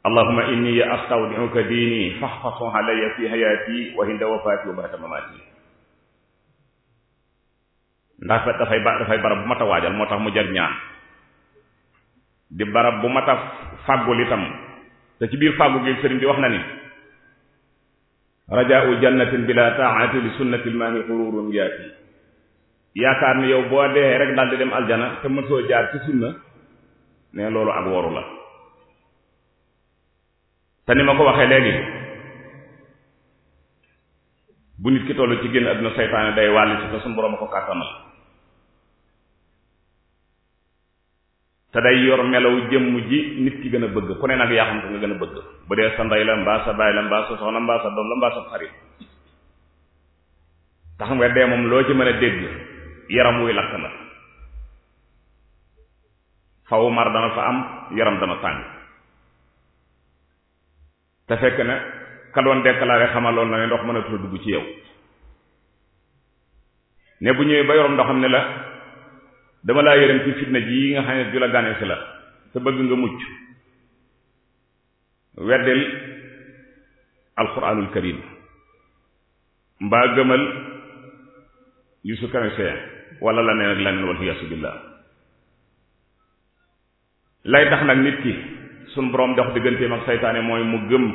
allahuma inni astawdiuka diini faxfasu alayya fi hayaati wa inda wafaati wa ba'da mamaati ndax dafay ba bu mat a waajal moo tax mu jar ñaan di barab bu mat a fàggul itam te ci biir fàggu gi sëriñ bi wax na ni rajaau jannatin bila taati li sunnati lmaami xururun yaati yaakaar ni yow boo dee rek daal di dem aljana te mësoo jaar ci sunna ne loolu ak woru la te ni ma ko waxee léegi bu nit ki toll ci génn àdduna seytaane day wàll si te suñu a ko kàttanal te day yor melaw jëmm ji nit ki gën a bëgg ku ne nag yaa xam ko nga gën a bëgg bu dee sa ndey la mbaa sa baay la mbaa sa soxna mbaa sa doom la mbaa sa xarit te xam nga dee moom loo ci mën a dégg yaram wuy lakk la fawu mar dana fa am yaram dana tàng te fekk na ka doon déclaré xamaloon na ne ndox mën a tudd dugg ci yow ne bu ñëwee ba yorom ndoxam ne la dama laa yërëm ci fitna ji yi nga xam ne ju la gane si la te bëgg nga mucc weddel alquranul karim mbaa gëmal yusu canacien wala la neen ak la neen wal iyaasu lay tax nag nit ki suñ boroom dox digganteem ak saytaane mooy mu gëm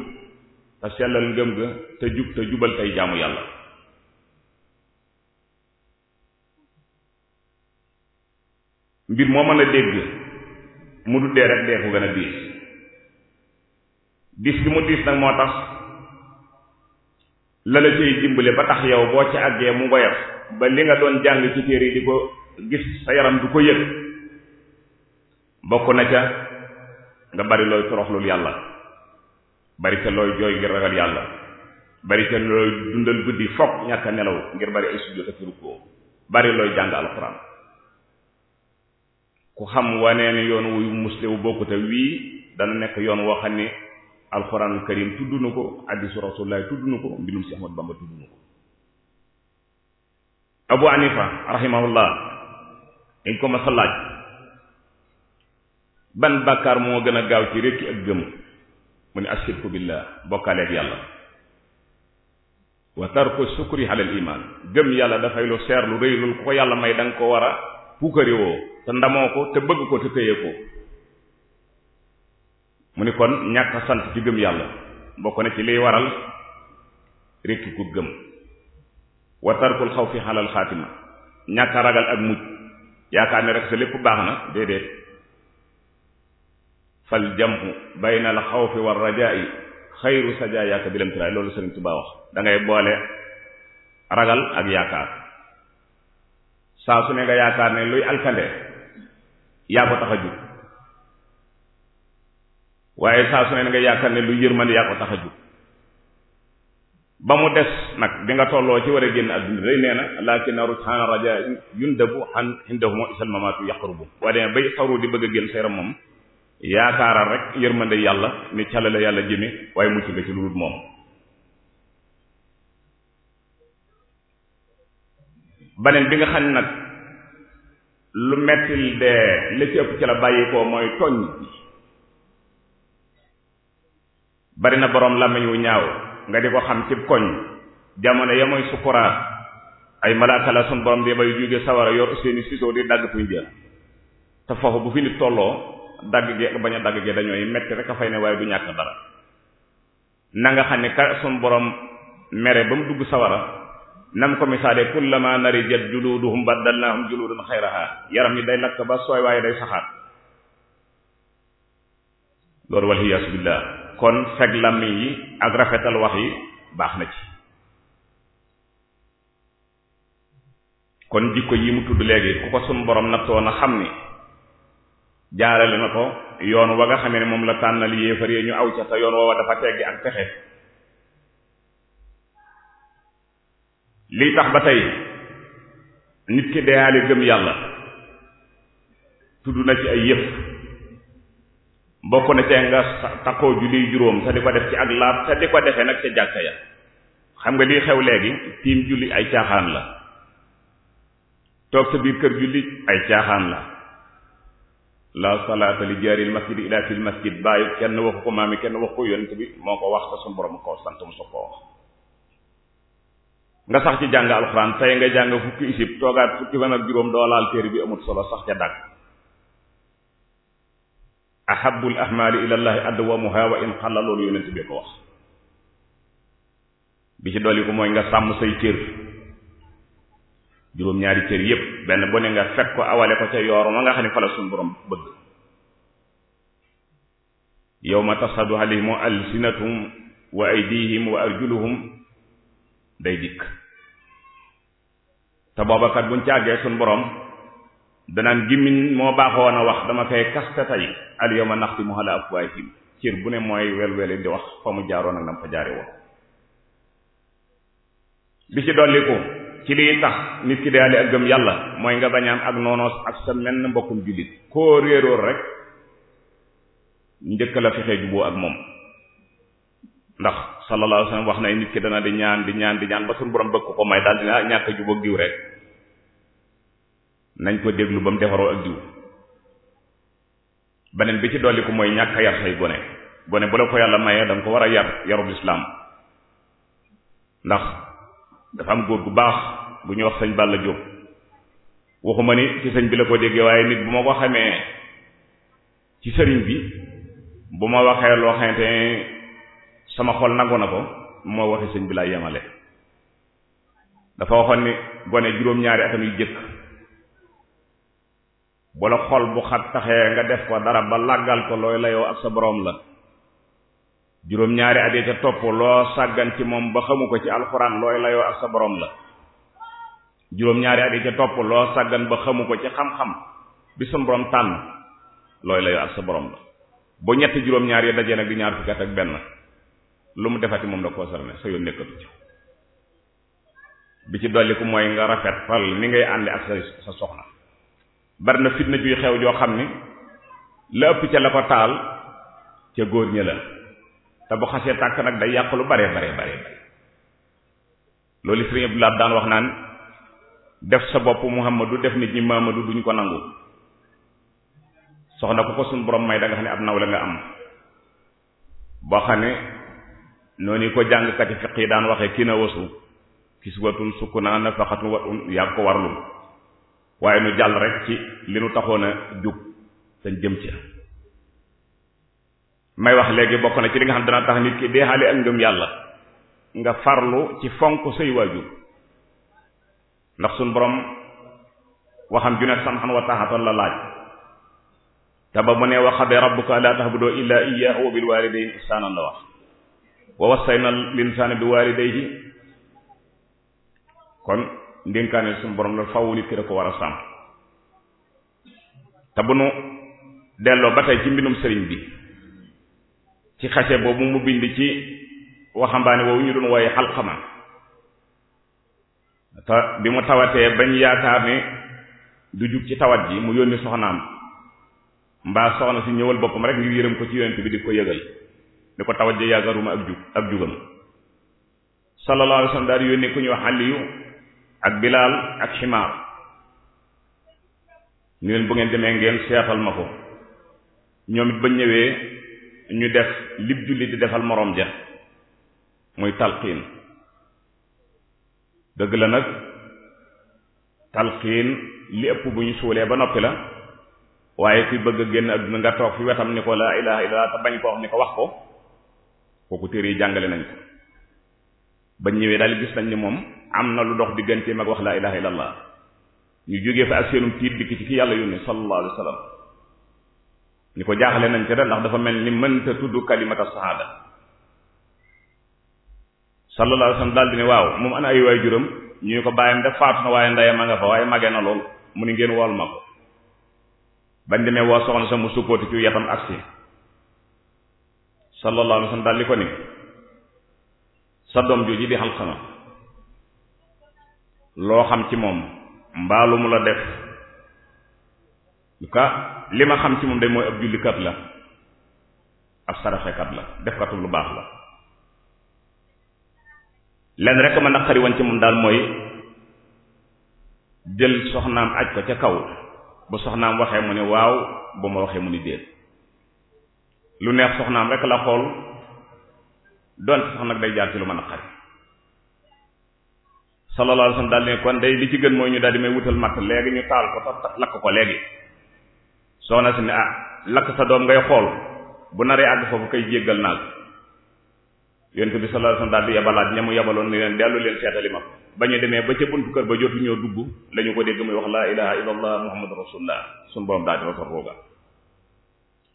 te sellal ngëm ga te jub te jubal tey jaamu yàlla mbir moo mën a dégg mu du dee rek dee ko gën a diis diis bi mu diis nag moo tax la la dimbale ba tax yow boo ci àggee mu woyof ba li nga doon jàng ci téere yi di ko gis sa yaram du ko yëg bokk na ca nga bari looy toroxlul yàlla bari ca looy jooy ngir ragal yàlla bari ca looy dundal guddi fokk ñàkk nelaw ngir bari ay sujjóot ak rukkoo bari looy jàng alxuraan ku xam wanee ne yoon wuyu musle wu bokkute wii dana nekk yoon woo xam ne alxuraanul karim tudd na ko hadisu rasulillahi tudd ko mbindum si Abu Hanifa rahimahullah dañ ko mas a ban bàkkaar moo gën a gaaw ci rekki ak gëm mu ne ashirku billah bokkaaleeg yàlla wa tarku sukri alal iman gëm yàlla dafay lu seer lu rëy loolu ku ko yàlla may da nga ko war a puukariwoo te ndamoo ko te bëgg ko te téye ko mu ni kon ñàkk sant ci gëm yàlla bokk na ci liy waral rekki ku gëm wa tarkul xaw fi xalal xaatima ñàkk ragal ak mujj yaakaar ni rek sa lépp baax na déedéet fal jamhu bayna al xawfi war rajaa'i xayru sajaa yaaka bilam tiraay loolu Sëriñ Tuubaa wax boole ragal ak yaakaar saa su ne nga yaakaar ne luy alkande yaa ko tax a jug waaye saa su ne nga yaakaar ne lu yërmande yaa ko tax a jug ba mu des nag bi nga tolloo ci war génn àdduna day nee na laakina rujhaana raja yundabu an indahuma isal mamaatu yaqrubu di bëgg a moom yaakaaral rek yërmande yàlla mi calale yàlla jëme waaye mucc nga ci lu dul moom baneen bi nga xam nag lu mettil dee la ci la bàyyi mooy tooñ bari na boroom làmmiñ wu ñaaw nga di ko xam ci koñ jamono ya mooy sukkuraat ay malaaka la sun borom di bay jóge sawara yor seeni siisoo di dagg tuñ ja te foofu bu fi nit tolloo dagg gi ak bañ a dagg gi dañooy metti rek a fay ne waaye du ñàkk dara nanga xam ni ka sun borom mere ba mu dugg sawara nam ko misaale kullama narijat juluduhum baddalnahum juludan xayraha yaram yi day lakk ba sooy waaye day saxaat loolu waliyaasu billah kon fekk làmmiñ yi ak rafetal wax yi baax na ci kon jikko yi mu tudd léegi ku ko sunu borom nattoo na xam ni jaarale na ko yoon wa nga xamee ne moom la tànnal yéefar yi ñu aw ca te yoon woowa dafa teggi ak pexe lii tax ba tey nit ki deyaale gëm yàlla tudd na ci ay yëf bokk na cee nga takkoo julli juróom te di ko def ci ak laab te di ko defee nag ca jàkka ya xam nga lii xew léegi tiim julli ay caaxaan la toog sa biir kër julli ay caaxaan la la salaata li jaaril masjid ila fil masjid bàyyi kenn waxu ko maami kenn waxu ko yonent bi moo ko wax te suñu borom koo sant mu sa ko wax nga sax ci jàng alxuraan tey nga jàng fukki isib toogaat fukki fan juróom doo laal bi amut solo sax ca dàgg ahabul ahmaali ilallahi adwamuha wa in xalla loolu yonent bi ko wax bi ci dolli ko mooy nga sàmm say cër juróom-ñaari cër yépp benn bu ne nga fekk ko awale ko ca yoor ma nga xam fala suñu borom bëgg yawma tashhadu alayhim alsinatum wa aydihim wa arjuluhum day dikk te boobakat buñ càggee suñ borom danaan gimmiñ moo baaxoon a wax dama koy kaste tey al yawma naxtimu ala afwaahim cir bu ne mooy welweli di wax fa mu jaaroon ak nam fa jaare woon bi ci dolliku ci liy tax nit ki daali ak gëm yàlla mooy nga bañaam ak noonoos ak sa menn mbokkum jullit koo réeróor rek njëkk la fexe juboo ak moom ndax sallallahu alayhi wasallam wax na nit ki dana di ñaan di ñaan di ñaan ba suñu borom bëgg ko ko may daal dina ah, ñàkk a jubóog diw rek nañ ko déglu ba mu defaroo ak diw beneen bi ci dolli ko mooy ñàkk a yar say gone gone bu la ko yàlla mayee da ko war a yar yarub lislaam ndax dafa am góor gu baax bu ñuy wax sëñ Balla Diop waxuma ni ci sëñ bi la ko déggee waaye nit bu ma ko xamee ci sëriñ bi bu ma waxee loo xamante sama xol nangu na ko moo waxe sëñ bi laa yemale dafa waxoon ni gone juróom-ñaari atam yu jëkk bu la xol bu xat taxee nga def ko dara ba làggal ko looy layoo ak sa boroom la juróom-ñaari at topp sàggan ci moom ba ci alxuraan looy layoo ak sa boroom la juróom-ñaari at yi ca topp loo sàggan ba xamu ko ci xam-xam bi sa boroom tànn looy layoo ak sa boroom la bu ñetti juróom-ñaar yi dajee nag di ñaar fukki ak benn lu mu ci moom la concerné sa yoon nekkatu ci bi ci dolliku mooy nga rafet fal ni ngay ànd ak sa soxna bari na fitna juy xew joo xam ni la ëpp ca la ko taal ca góor ña te bu xasee tànk nag day yàq lu bare bare bare loolu Sëriñ Abdulaay daan wax naan def sa bopp Muhammadu def nit ñi Maamadu duñ ko nangu soxna ku ko suñ borom may da nga xam ne ab naw la nga am boo xam ne noonu ko jàngkati fiq yi daan waxee kii na wasu kiswatun sukkuna nafaqatun watun yàgg ko warlum waaye nu jàll rek ci li nu taxoon a jug dañ jëm ci may wax léegi bokk na ci li nga xam dana tax nit ki deexaale ak ngëm yàlla nga farlu ci fonk say waajur ndax suñ borom waxam ju ne samxan wa taxatan la laaj te ba mu ne wax qada rabbuka la tahbudu illa iyyahu wa bil walidayni ihsanan la wax wa wassayna linsaana bi waalidayhi kon ndénkaane suñu borom la faaw nit ki da ko war a sàmm te bu nu delloo ba tey ci mbindum sëriñ bi ci xase boobu mu bind ci waxambaane woowu ñu doon wooye xalxama te bi mu tawatee bañ yaakaar ne du jug ci tawat ji mu yónni soxnaam mbaa soxna si ñëwal boppam rek ngir yërëm ko ci yonent bi di ko yëgal ni ko tawat ja yaakaaruma ak jug ak jugam sallallahu alayhi wa sallam daal di yónni ku ñuy wax Aliyu ak Bilaal ak Ximaar ñu leen bu ngeen demee ngeen seetal ma ko ñoom it ba ñëwee ñu def lib julli di defal moroom ja muy talqiin dëgg la nag talqiin li ëpp bu ñu suulee ba noppi la waaye kuy bëgg a génn adduna nga toog fi wetam ni ko laa ilaha illallah te bañ ko ni ko wax ko kooku téere yi jàngale nañ ko bañ ñëwee daal gis nañ ni moom am na lu dox digganteem ak wax laa ilaha illallah ñu jógee fa ak seenum tiir dikk ci ki yàlla yónni sallallahu alayhi wa sallam ni ko jaaxale nañ ca da ndax dafa mel ni mënta tudd kalimata sahaada sallallahu alayhi wa sallam daal di ne waaw moom ana ay waay juróom ñu ko bàyyam def faatu na waaye ndeyam a nga fa waaye magee na lool mu ni ngeen wool ma ko bañ demee woo soxna sa mu suppooti ci sallallahu alayhi wa daal li ko ni sa doom ji di Alqama loo xam ci moom mbaalu mu la def ka li ma xam ci moom day mooy ab jullikat la ab saraxekat la defkatum lu baax la lenn rek ma naqari woon ci moom daal mooy jël soxnaam aj ko ca kaw bu soxnaam waxee mu ne waaw bu ma waxee mu ni déet lu neex soxnaam rek la xool donte sax nag day jaar ci lu mën a xari sallallahu alayhi daal kon day ci gën mooy ñu daal di may wutal matt léegi ñu taal ko sax lakk ko léegi soxna si ne ah lakk sa xool bu naree àgg foofu koy jéggal naa ko yonent bi sallallahu alayhi wasallam daal yabaloon ni leen dellu leen seetali ma ba ñu demee ba ca buntu kër ba jotu ñoo dugg la ko dégg muy wax laa ilaha illallah muhammadu rasulullah suñu borom daal di rafetlu ko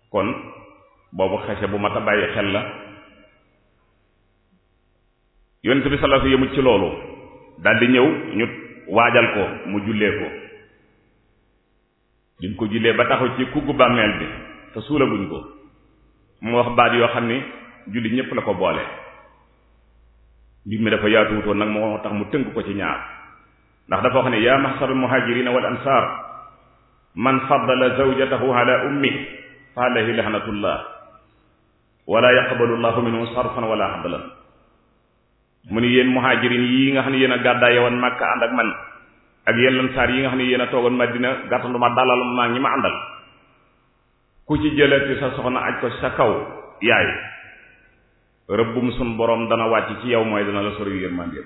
kon. boobu xese bu mat a bàyyi xel la yonent bi sallallahu alayhi ci loolu daldi ñëw ñu waajal ko mu jullee ko duñ ko jullee ba taxaw ci kuggu bàmmeel bi te suulabuñ ko mu wax baat yoo xam ni julli ñépp la ko boole mbir mi dafa yaatuwutoon nag moo tax mu tënk ko ci ñaar ndax dafa wax ne yaa mahsarul muhajirina wal ansar man faddala zawjatahu ala ummi fa alayhi wala yaqbalu llahu minhum sarfan wala adlan mu ni yéen muhaajirin yi nga xam ne yéen a gàddaa yowoon Makka ànd ak man ak yéen lansaar yi nga xam ne yéen a toogoon Madina gàttandu ma dalal maa ngi ma àndal ku ci jëlati sa soxna aj ko sa kaw yaay rëbbum sun borom dana wàcc ci yow mooy dana la sori yërmande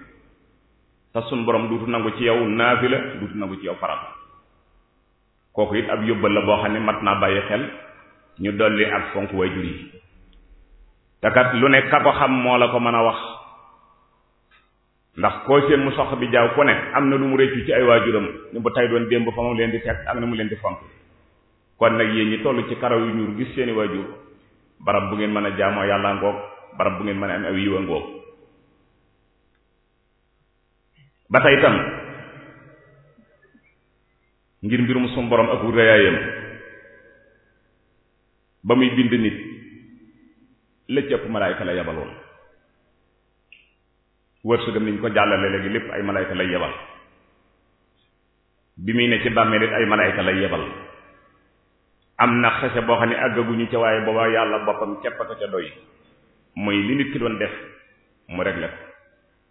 sa sun borom duutu nangu ci yow naafila duutu nangu ci yow farata kooku it ab yóbbal la boo xam ne mat naa bàyyi xel ñu dolli ak fonk waajur yi te lu nekk ka ko xam moo la ko mën a wax ndax koo seen mu sox bi jaaw ku ne am na lu mu réccu ci ay waajuram ni bu tay doon démb fa leen di fekk ak na mu leen di fonk kon nag yéen ñi toll ci karaw yu ñuur gis seeni waajur barab bu ngeen mën a jaamoo yàlla ngoog barab bu ngeen mën a am aw yiwa ngoog ba tey tam ngir mbirum sunu borom ak wurayaayam ba muy bind nit la cëpp malaayka la yebal woon wërsëgam niñ ko jàllale léegi lépp ay malaayka lay yebal bi muy ne ci bàmmeel it ay malaayka lay yebal am na xese boo xam ne àggaguñu ca waaye booba yàlla boppam képp a ca doy mooy li nit ki doon def mu réglé ko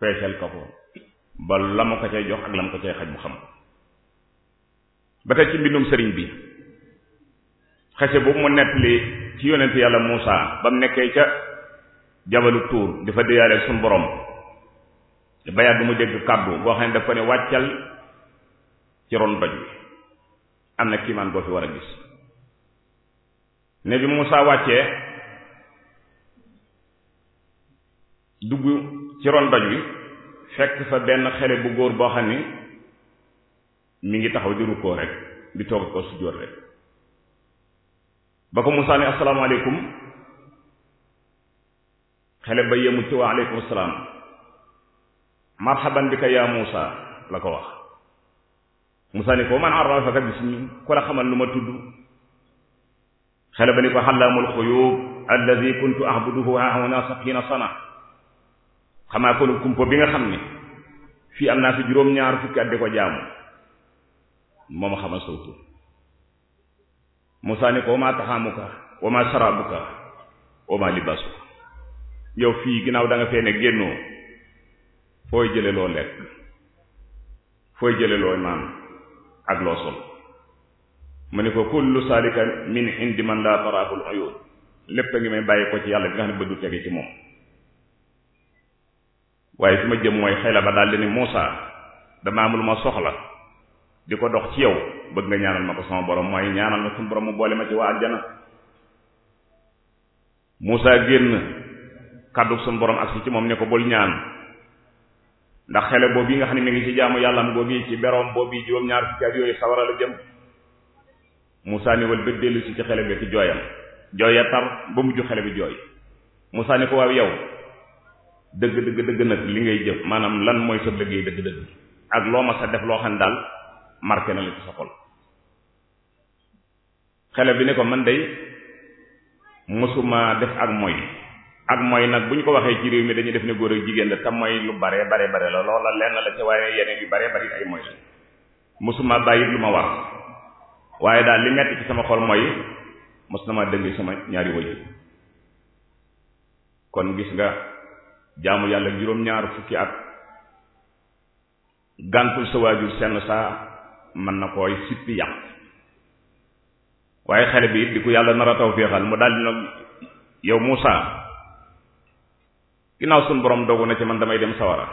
feesal ko ko ba la mu ko cay jox ak la mu ko cay xaj mu xam ba tey ci mbindum sëriñ bi xese boobu mu nettali ci yonent yàlla Muusa ba mu nekkee ca jabalu tuur dafa fa diyaale suñu borom bayaat bu mu dégg kàddu boo xam ne daf ko ne wàccal ci ron doj bi am na kiimaan boo fi war a gis ne bi Muusa wàccee dugg ci ron doj bi fekk fa benn xale bu góor boo xam ni mu ngi taxaw di rukkoo rek di toog ko sujjóot rek ba ko Moussa ne asalaamaaleykum xale ba yemut ci waaleykum salaam marhaban bika yaa Moussa la ko wax Moussa ni ko man arrafaka bismi ku la xamal lu ma tudd xale ba ni ko xallaamul xuyub alladi kuntu ahbuduhu hahuna saqiina sana xamaa ko lu kumpo bi nga xam ne fii am naa fi juróom-ñaar fukki at di ko jaamu moo ma xamal sawtu Moussa ni ko wama taxaamuka wama saraabuka wama libasuka yow fii ginnaaw da nga fee ne génnoo fooy jële loo lekk fooy jële loo naan ak loo sol mu ne ko kullu salika min indi man laa taraahu al lépp a ngi may bàyyi ko ci yàlla bi nga xam ne bëddu tege ci moom waaye su ma jëm mooy xëy la ba daal di ne Moussa dama am lu ma soxla di ko dox ci yow bëgg nga ñaanal ma ko sama borom mooy ñaanal ma suñu borom mu boole ma ci waa aljana Muusa génn kàddu suñu borom ak si ci moom ne ko bul ñaan ndax xele boobu yi nga xam ne mi ngi ci jaamu yàllaam googu ci beroom boobu yi juróom-ñaar fukki at yooyu sawara la jëm Muusa ni wal ba dellu ci xele bi ci jooyam jooya tar ba mujj xele bi jooy Muusa ni ko waaw yow dëgg dëgg dëgg nag li ngay jëf maanaam lan mooy sa liggéey dëgg-dëgg ak loo ma def loo xam ne daal marqué na la ci sa xol xale bi ne ko man day mosuma def ak moy ak mooy nag bu ñu ko waxee ci réew mi dañuy def ne góor ak jigéen la te mooy lu bare bare bare la loola lenn la ca waaye yeneen yu bare bari ay mooy la mosuma bàyyi lu ma war waaye daal li metti ci sama xol moy mos na ma dëngi sama ñaari wajur kon gis nga jaamu yàlla juróom-ñaar fukki at gàntul sa waajur senn saa man na koy sippi yàq waaye xale bi it di ko yàlla nar a tawféexal mu daal di nag yow Moussa ginnaaw suñu borom dogu na ci man damay dem sawara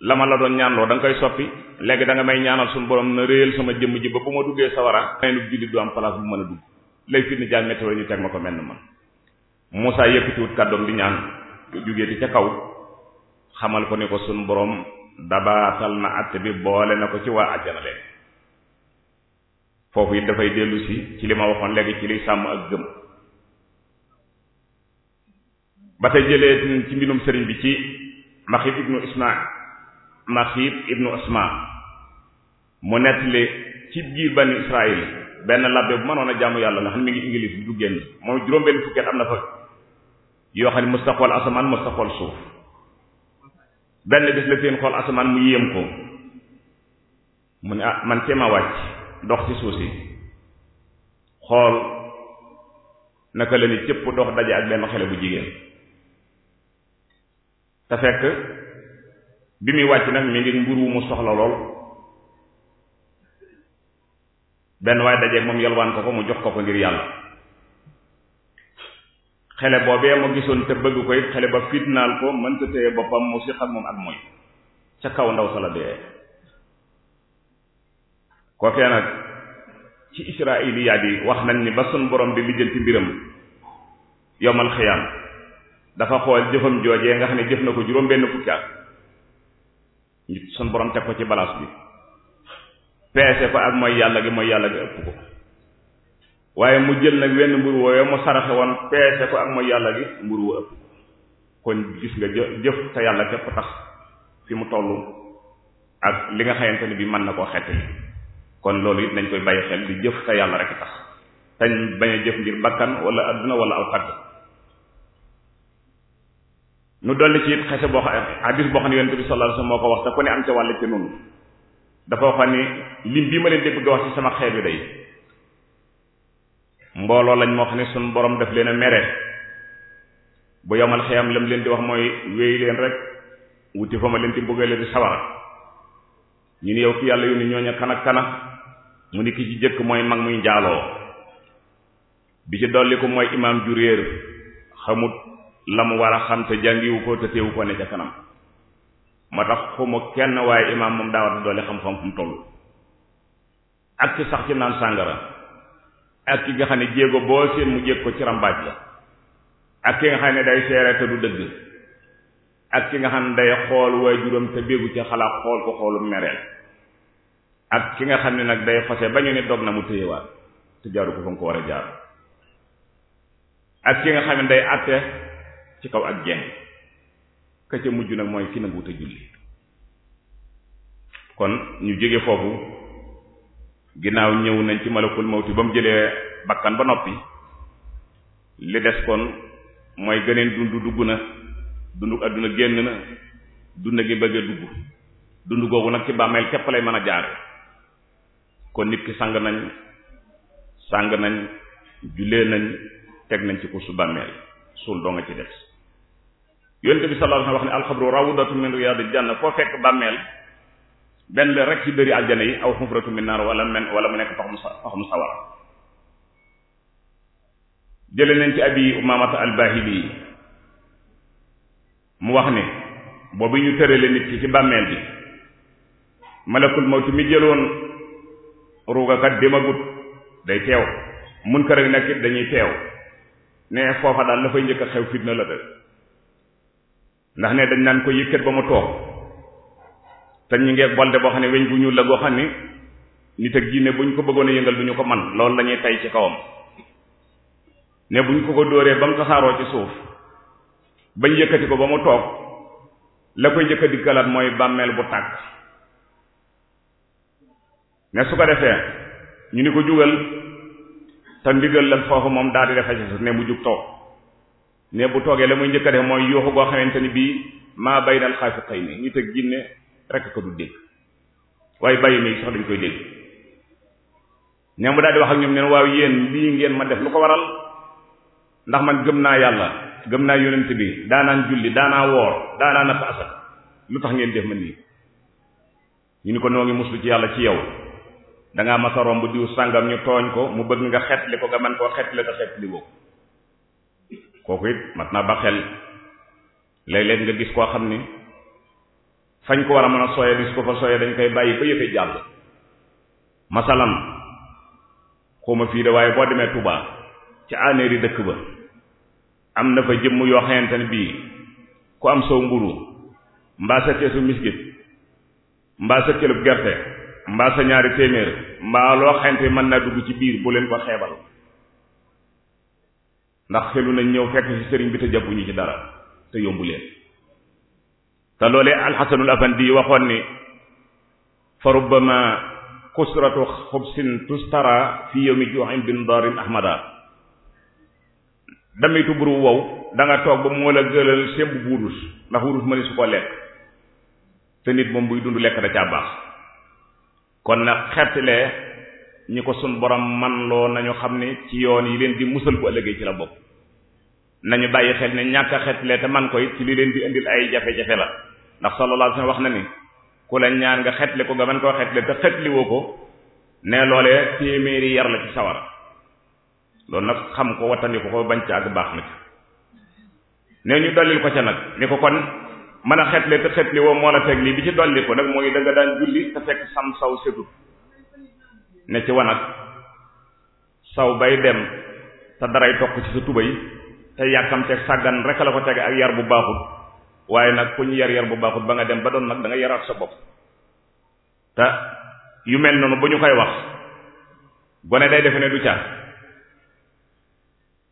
la ma la doon ñaanloo da koy soppi léegi da nga may ñaanal suñu borom na réyal sama jëmm ji ba bu ma duggee sawara may nu jullit du am place bu mën a dugg lay fi ni jaan ñu teg ma ko mel man Moussa yëkkatiwut kàddoom di ñaan jógee ti ca kaw xamal ko ne ko suñu borom dabaatal na àtte bi boole na ko ci waa àjjana leen foofu it dafay dellu ci li ma waxoon léegi ci liy sàmm ak gëm ba tey jëlee ci mbindum sëriñ bi ci maxib ibnu isma maxib ibnu isma mu nettali ci biir bani israil benn labbe bu mënoon a jaamu yàlla nga xam ne mi ngi English bi du génn moom juróom-benn fukkeet am na fa yoo xam ne mës ta xool asamaan mës ta suuf benn bis la seen xool asamaan mu yéem ko mu ne ah man téema wàcc dox ci suuf si xool naka la ni cëpp dox daje ak benn xale bu jigéen te fekk bi muy wàcc nag mi ngi mburu mu soxla lool benn waaye dajeeg moom yalwaan ko ko mu jox ko ko ngir yàlla xele boobee ma gisoon te bëgg ko it xele ba fitnaal ko mënta téye boppam mu si xam moom ak mooy ca kaw ndaw sala dee kookee nag ci israiliyaat yi wax nañ ni ba sun borom bi lijjanti mbiram yomal xiyaam dafa xool jëfam joojee nga xam ne jëf na ko juróom benn fukki at sun borom teg ko ci balaas bi peese ko ak mooy yàlla gi mooy yàlla gi ëpp ko waaye mu jël nag wenn mburu woowe mu saraxe woon peese ko ak mooy yàlla gi mburu woo ëpp kon gis nga jë jëf te yàlla képp tax fi mu toll ak li nga xamante ni bi mën na koo xett yi kon loolu it nañ koy bàyyi xel di jëf te yàlla rek tax tañ bañ a jëf ngir bakkan wala adduna wala alxadd nu dolli ci it xese boo xam hadis boo xam ne yonent bi sallallahu alayhi wasallam moo ko wax te ku ne am ca wàll ci noonu dafa wax ni lim bii ma leen dégg bëgg wax ci sama xeet bi day mbooloo lañ moo xam ne suñ borom daf leen a mere bu yomal xiyam lam leen di wax mooy wéy leen rek wuti fa ma leen di bëggale di sawara ñu ni yow ki yàlla yu ni ñooña kan kana mu ni ki ci jëkk mooy mag muy njaaloo bi ci dolli ko mooy imaam ju réer xamut la mu war a xam te jàngiwu ko ko ne ca kanam moo tax xuma kenn waaye imaam moom daa war a dolli xam-xam fu mu toll ak ci sax ci naan sàngara ak ki nga xam ne jéego boo seen mu ko ci rambaaj la ak ki nga xam ne day seere te du dëgg ak ki nga xam ne day xool waajuram te béegu ci xalaat xool ko xoolu mereel ak ki nga xam ne nag day fase ba ñu ne dog na mu téyewaat te jaaru ko fa nga ko war a jaar ak ki nga xam ne day àtte ci kaw ak jenn ka ca mujj nag mooy ki nanguwut a julli kon ñu jóge foofu ginnaaw ñëw nañ ci malakul mawti ba mu jëlee bàkkan ba noppi li des kon mooy gëneen dund dugg na dund àdduna génn na dund gi bëgg a dugg dund googu nag ci bàmmeel képp lay mën a jaare kon nit ki sang nañ sang nañ jullee nañ teg nañ ci kursu bàmmeel suul doo nga ci des yonent bi sallallahu alayhi wa sallam wax ne alxabru rawdatun min riyadil janna foo fekk bàmmeel benn rek ci dëri aljana yi aw xufratu min walla wala men wala mu nekk faxum faxum sawar jële nañ ci abi umamata albahili yi mu wax ni boobu ñu tërale nit ki ci bàmmeel bi malakul mawti mi jëloon ruugakat demagut day teew mun kër ak nekkit dañuy teew ne foofa daal la fay njëkk a xew fitna la de ndax ne dañ naan ko yëkkat ba mu toog te ñu ngee bolde boo xam ne weñ bu ñuul la goo xam ne nit ak jinne bu ñu ko bëggoon a yëngal du ñu ko man loolu la ñuy tay ci kawam ne bu ñu ko ko dóoree ba mu tasaaroo ci suuf bañ yëkkati ko ba mu toog la koy jëkk dikkalaat mooy bàmmeel bu tàkk ne su ko defee ñu ni ko jugal te ndigal la foofu moom daal di defee ci suuf ne mu jug toog ne bu toogee la muy njëkk a mooy yuuxu goo xamante ni bii maa bay dal xaafi xëy nit ak jinne rek ko du dégg waaye bàyyi ma sax dañ koy dégg ne mu daal wax ak ñoom ne waaw yéen lii ngeen ma def lu ko waral ndax man gëm naa yàlla gëm naa yonent bi daanaan julli daanaa woor daanaa natt asal lu tax ngeen def ma nii ñu ni ko noo ngi muslu ci yàlla ci yow dangaa masa romb diw sàngam ñu tooñ ko mu bëgg nga xetli ko nga man koo xetli te xetli woo kooku it mat naa ba xel léeg-léeg nga gis koo xam ni fañ ko war a mën a sooyee bi su ko fa sooyee dañ koy bàyyi ba yëfe jàll masalan xawma fii de waaye boo demee Touba ci aneer yi dëkk ba am na fa jëmm yoo xamante bii ku am soo mburu mbaa sa keesu miskit mbaa sa kilub gerte mbaa sa ñaari téeméer mbaa loo xamante mën naa dugg ci biir bu leen ko xeebal ndax xelu nañ ñëw fekk ci sëriñ bi te jàppuñu ci dara te yombu leen te loolee alxasanul afandi waxoon ni fa rubbama kusratu xubsin tustara fi yawmi ju'in bin darin ahmada damitu buru wow danga toog ba moo la gëlal semb bu wurus ndax wurus ma ni su ko lekk te nit moom buy dund lekk da caa baax kon nag xettile ñi ko sun borom man loo nañu xam ne ci yoon yi leen di musal bu ëllëgee ci la bokk nañu bàyyi xel ne ñàkk a xetlee te man koy it ci li leen di indil ay jafe-jafe la ndax sallallahu alayhi wasallam wax na ni ku la ñaan nga xetle ko nga man koo xetle te xetliwoo ko ne loolee téeméeri yar la ci sawara loolu nag xam ko wattandiku ko bañ ca ak baax na ci ne ñu dollil ko ca nag ni ko kon mën a xetle te xetliwoo moo la teg lii bi ci dolli ko nag mooy da daan julli te fekk sam saw setut ne ci wanag saw bay dem sa daray toq ci sa tubay te yàkkamteeg sàggan rek la ko tege ak yar bu baaxut waaye nag ku ñu yar yar bu baaxut ba nga dem ba doon nag da nga yaraat sa bopp te yu mel noonu bu ñu koy wax gone day defe ne du ca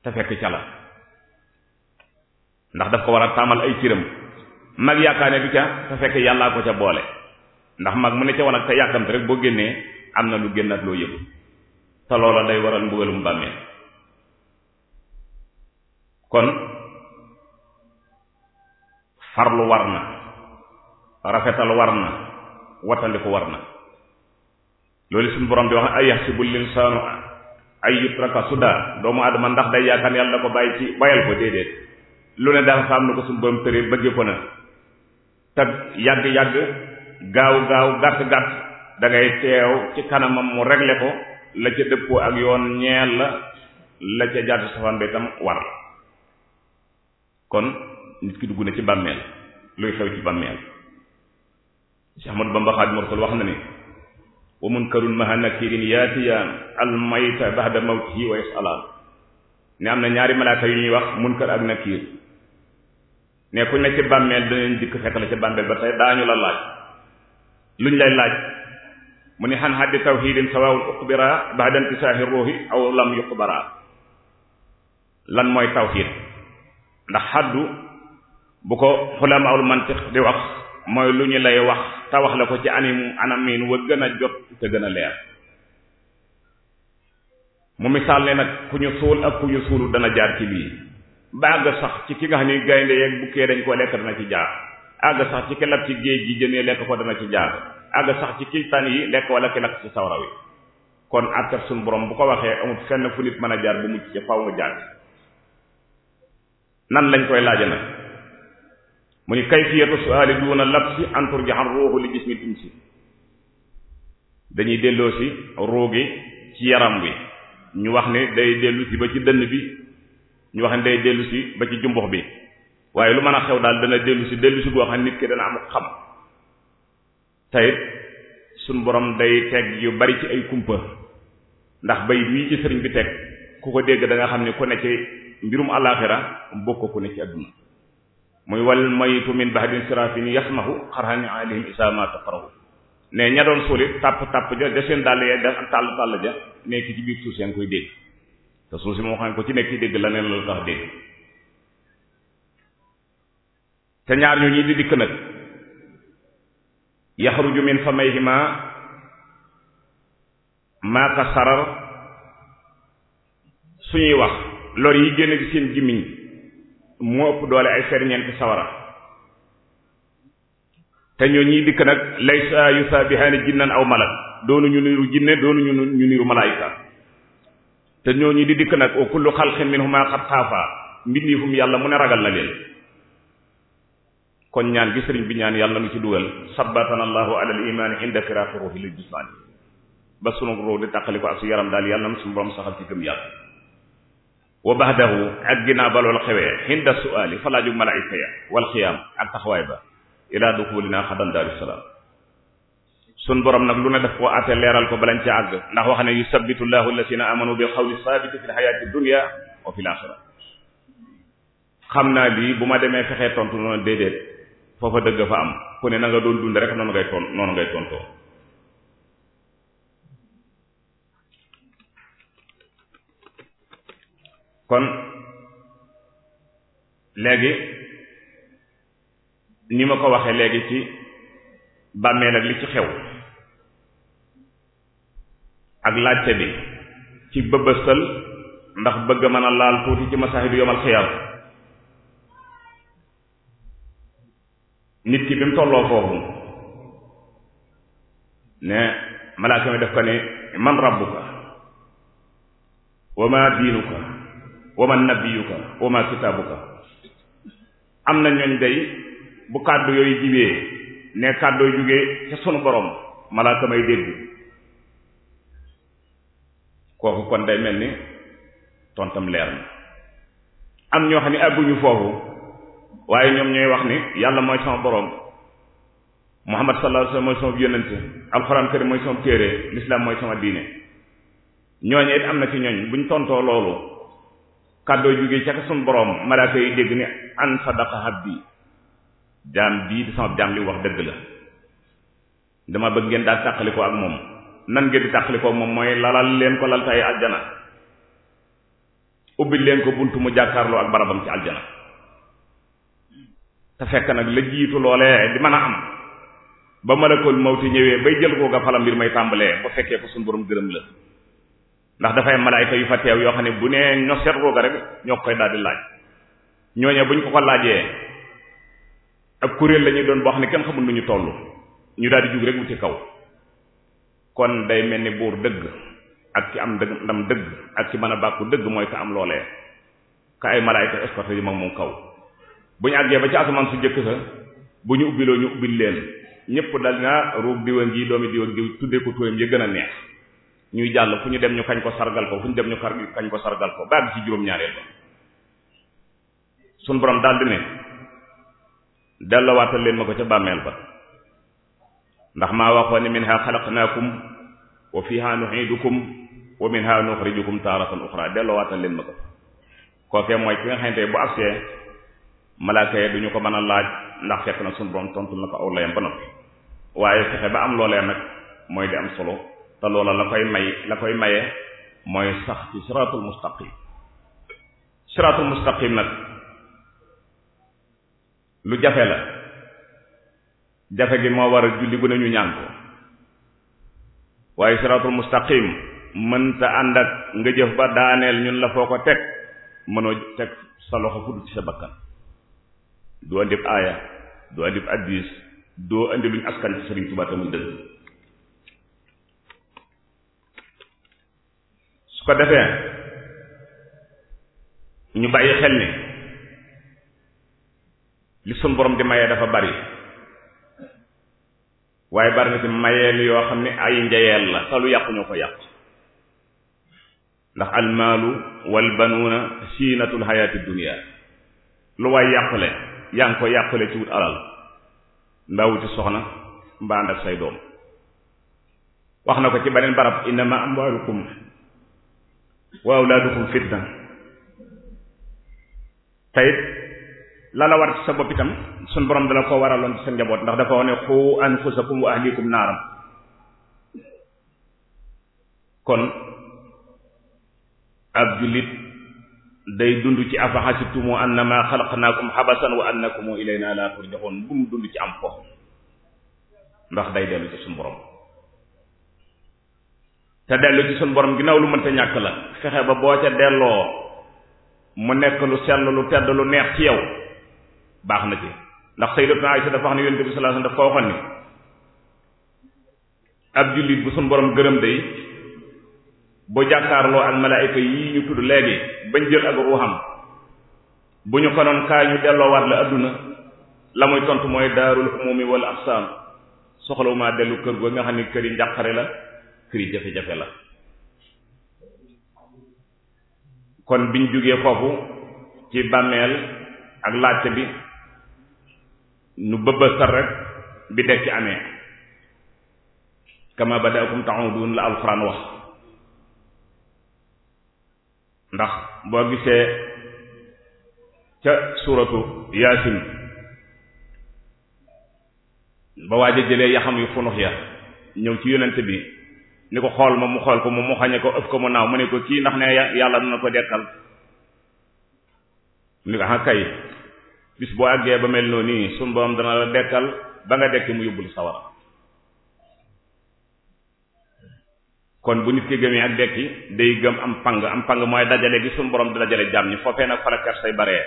te fekk ca la ndax daf ko war a taamal ay ciram mag yaakaar ne du ca te fekk yàllaa ko ca boole ndax mag mu ne ca wanag te yàkkamte rek boo génnee am na lu génnaat loo yëgu te loola day waral mbugalum bàmmeel kon farlu war na rafetal war na wattandiku war na loolu suñu borom di wax ay yaxsibul insaanu ay yutraka suda doomu adama ndax day yaakaar yàlla ko bàyyi ci bayal ko déedéet lu ne daal xam na ko suñu borom tëree bëgge ko na te yàgg-yàgg gaaw-gaaw gàtt-gàtt da teew ci kanamam mu regle ko la ca dëppoo ak yoon ñeel la la ca jàdd safaan ba itam war kon nit ki dugg na ci bàmmeel luy xew ci bàmmeel Cheikh Ahmadou Bamba Xaadimu Rasuul wax na ni wa munkarun maha nakirin yaatiyaan almayta baxda mawtihi wa yasalaan ne am na ñaari malaaka yu ñuy wax munkar ak nakir ne ku ne ci bàmmeel danañ dikk fekk la ci bàmmeel ba tey daañu la laaj luñ lay laaj mu ne xan xaddi tawxiidin sawaawun uqbira baxda intisaahi ruuhi aw lam yuqbara lan mooy tawxiid ndax xaddu bu ko xulamaul mantiq di wax mooy lu ñu lay wax te wax la ko ci animu anamin wa gën a jot te gën a leer mu misaal ne nag ku ñu suul ak ku ñu suulu dana jaar ci bii ba àgg sax ci ki nga xam ni gaynde yeeg bukkee dañ koo lekk dana ci jaar àgg sax ci ki lab ci géej gi jënee lekk ko dana ci jaar àgg sax ci ki tan yi lekk wala ki lakk ci sawra wi kon àttab sunu borom bu ko waxee amul fenn fu nit mën a jaar bu mucc ci faw nga jaar nan lañ koy laaja nag mu ni kayfiyatu su'ali duuna labsi an turjaxan ruuxu li jismi dañuy delloo si ruugi ci yaram wi ñu wax ne day dellu si ba ci dënn bi ñu wax ne day dellu si ba ci jumbux bi waaye lu mën a xew daal dana dellu si dellu si goo xam nit ki dana am xam tayit sunu boroom day teg yu bari ci ay kumpa ndax bay mii ci sëriñ bi teg ku ko dégg da xam ne ku ci mbirum àllaaxira bokk ku ne ci àdduna muy wal mayitu min bahdin sirafin yasmahu xarxani alayhim isamata faraw ne ña doon suulit tàpp tàpp ja da seen dàll ya da tàll tàll ja nekk ci biir suuf seen koy dégg te suuf moo xam ko ci nekk dégg la neen la tax dégg te ñaar ñoo ñi di dikk nag yaxruju min famayhima maa ka sarar suñuy wax lor yi génn ci seen gimmiñ moo ëpp doole ay ferñeent sawara te ñoo ñii dikk nag laysa yusabihaani jinnan aw malak doonu ñu niru jinne doonu ñu niru malaayika te ñoo ñi di dikk nag wa kullu xalqin minhuma xat xaafaa mbindiifum yàlla mu ne ragal na leen kon ñaan gi sëriñ bi ñaan yàlla nu ci dugal sabbatana allahu ala al iman inda firaaqi ruuhi lil jismaani ba sunu ruux di tàqali ko ak su yaram daal yàlla na sunu borom saxal ci gëm yàlla wa baxdahu ak ginnaaw ba loolu xewee xinda suaali falaaju malaayika ya wal xiyaam ak taxawaay ba ilaa duxulinaa xadan daarussalaam sun borom nag lu ne daf koo àtte leeral ko balañ ci àgg ndax wax ne yusabbitu llahu alladina amanu bil qawli saabiti fil xayaati dunya wa fil axira xam naa lii bu ma demee fexee tontu noonu déedéet foofa dëgg fa am ku ne na nga doon dund rek noonu ngay ton noonu ngay tontoo kon léegi ni ma ko waxee léegi ci bàmmeel ak li ci xew ak laajte bi ci bëbëstal ndax bëgg mën a laal tuuti ci masaahibu yomal xiyaam nit ki bi mu tolloo foofu ne malaaka mi def ko ni man rabbuka wa ma diinuka wa man nabiyuka wa ma kitaabuka am na ñooñ day bu kàddu yooyu jibee ne kàddoo jógee ca sunu borom malaaka may dégg kooku kon day mel ni tontam leer na am ñoo xam ne àgguñu foofu waaye ñoom ñooy wax ni yàlla mooy sama borom muhammad sallallahu alayhi wasallam mooy sama yónnante alxuraan karim mooy sama téere lislaam mooy sama diine ñooñu it am na ci ñooñ buñ tontoo loolu kàddoo jógee ca sun borom malaaka yi dégg ne an sadaqa habbi jaam bii di sama jaam li wax dëgg la dama bëgg ngeen daal tàqali ak moom nan ngeen di tàqali moom mooy lalal leen ko laltaay aljana ubbi leen ko bunt mu jàkkaarloo ak barabam ci aljana te fekk nag la jiitu loolee di mën a am ba malakul mawti ñëwee bay jël koo ga fala mbir may tàmbalee ba fekkee ko sun borom gërëm la ndax dafay malaayka yu fa teew yoo xam ne bu nee ñoo seet rek ñoo koy daal di laaj ñooñee bu ñu ko ko laajee ak kuréel la doon boo xam ne kenn xamul nu ñu toll ñu daal di jug rek wuti kaw kon day mel ni buur dëgg ak ci am dëgg ndam dëgg ak ci mën a bàkku dëgg mooy ka am loolee ka ay malaayka escorté yi mag moom kaw bu ñu àggee ba ci asamaan su jëkk bu ñu ubbiloo ñu ubbil leen ñëpp dal naa ruub diwa ngi doomi diwa ngi tuddee ko turam yi gën a neex ñuy jàll fu ñu dem ñu kañ ko sargal ko fu ñu dem ñu kar kañ ko sargal ko bàgg ci juróom-ñaareel ba suñ borom daldi ne dellowaatal leen ma ko ca bàmmeel ba ndax maa waxoon ne minha xalaqnaakum wa fiha nu'idukum wa minha nuxrijukum taaratan uxra dellowaatal leen ma ko kookee mooy ki nga xamante bu agsee malaaka yi duñu ko mën a laaj ndax fekk na suñ borom tontu na ko aw layam ba noppi waaye fexe ba am loolee nag mooy di am solo te loola la koy may la koy maye mooy sax ci siraatul mustaqim siraatul mustaqim nag lu jafe la jafe gi moo war a julli gu ñu ñaan ko waaye siraatul mustaqim mënta ànd ak nga jëf ba daaneel ñun la foo ko teg mënoo teg sa loxo fudd ci sa bakkan doo andib aaya doo andib addis doo andi luñ askan ci Sëriñ Tuubaa tamul dëgg su ko defee ñu bàyyi xel ni li sunu borom di mayee dafa bari waaye bari na ci mayeel yoo xam ne ay njayeel la salu yàqu ñoo ko yàq ndax almaalu wal banuuna siinatul xayaati dunia lu waay yàqule yaa ngi ko yàqule ci wut alal mbaa soxna mbaa ak say doom wax na ko ci beneen barab innama amwaalukum wa awlaadukum fitna tayit la la war ci sa bopp itam suñ borom dala koo waraloon ci sa njaboot ndax dafa wax ne xu anfusakum wa ahlikum naaram kon ab jullit day dund ci afa xasibtumu annama xalaqnaakum xabasan wa annakum ilayna la turjaxoon bu mu dund ci am fo ndax day dellu ci suñu borom te dellu ci suñu borom ginnaaw lu mënta ñàkk la fexe ba boo ca delloo mu nekk lu sell lu tedd lu neex ci yow baax na ci ndax sayyidatuna Aisha dafa wax ne yonent bi sallallahu alayhi wasallam daf koo waxoon ab jullit bu suñu borom gërëm day bu jàkkaarloo ak malaayika yii ñu tudd léegi bañ jël ak ruuxam bu ñu ko noon kaay ñu delloowaat la àdduna la muy tontu mooy daarul umumi wala absaan soxlawumaa dellu kër goo nga xam ne kër yi njàqare la firi jafe-jafe la kon biñ jógee foofu ci bàmmeel ak laajte bi ñu bëbba sar bi dekki amee kama badaakum ta'udun la alxuraan wax ndax boo gisee ca suuratu yaasin ba waaj jëlee yaxam yu funux ya ñëw ci yonent bi ni ko xool ma mu xool ko moom mu xañe ko ëf ko mu naaw mu ne ko kii ndax ne yàlla dana ko dekkal ni ko ah kay bis boo àggee ba mel noonu nii sunu borom dana la dekkal ba nga dekki mu yóbbul sawara kon bu nit ki gëmee ak dekki day gëm am pang am pang mooy dajale gi suñu borom di dajale jàmm ñi foofee nag fala kersay baree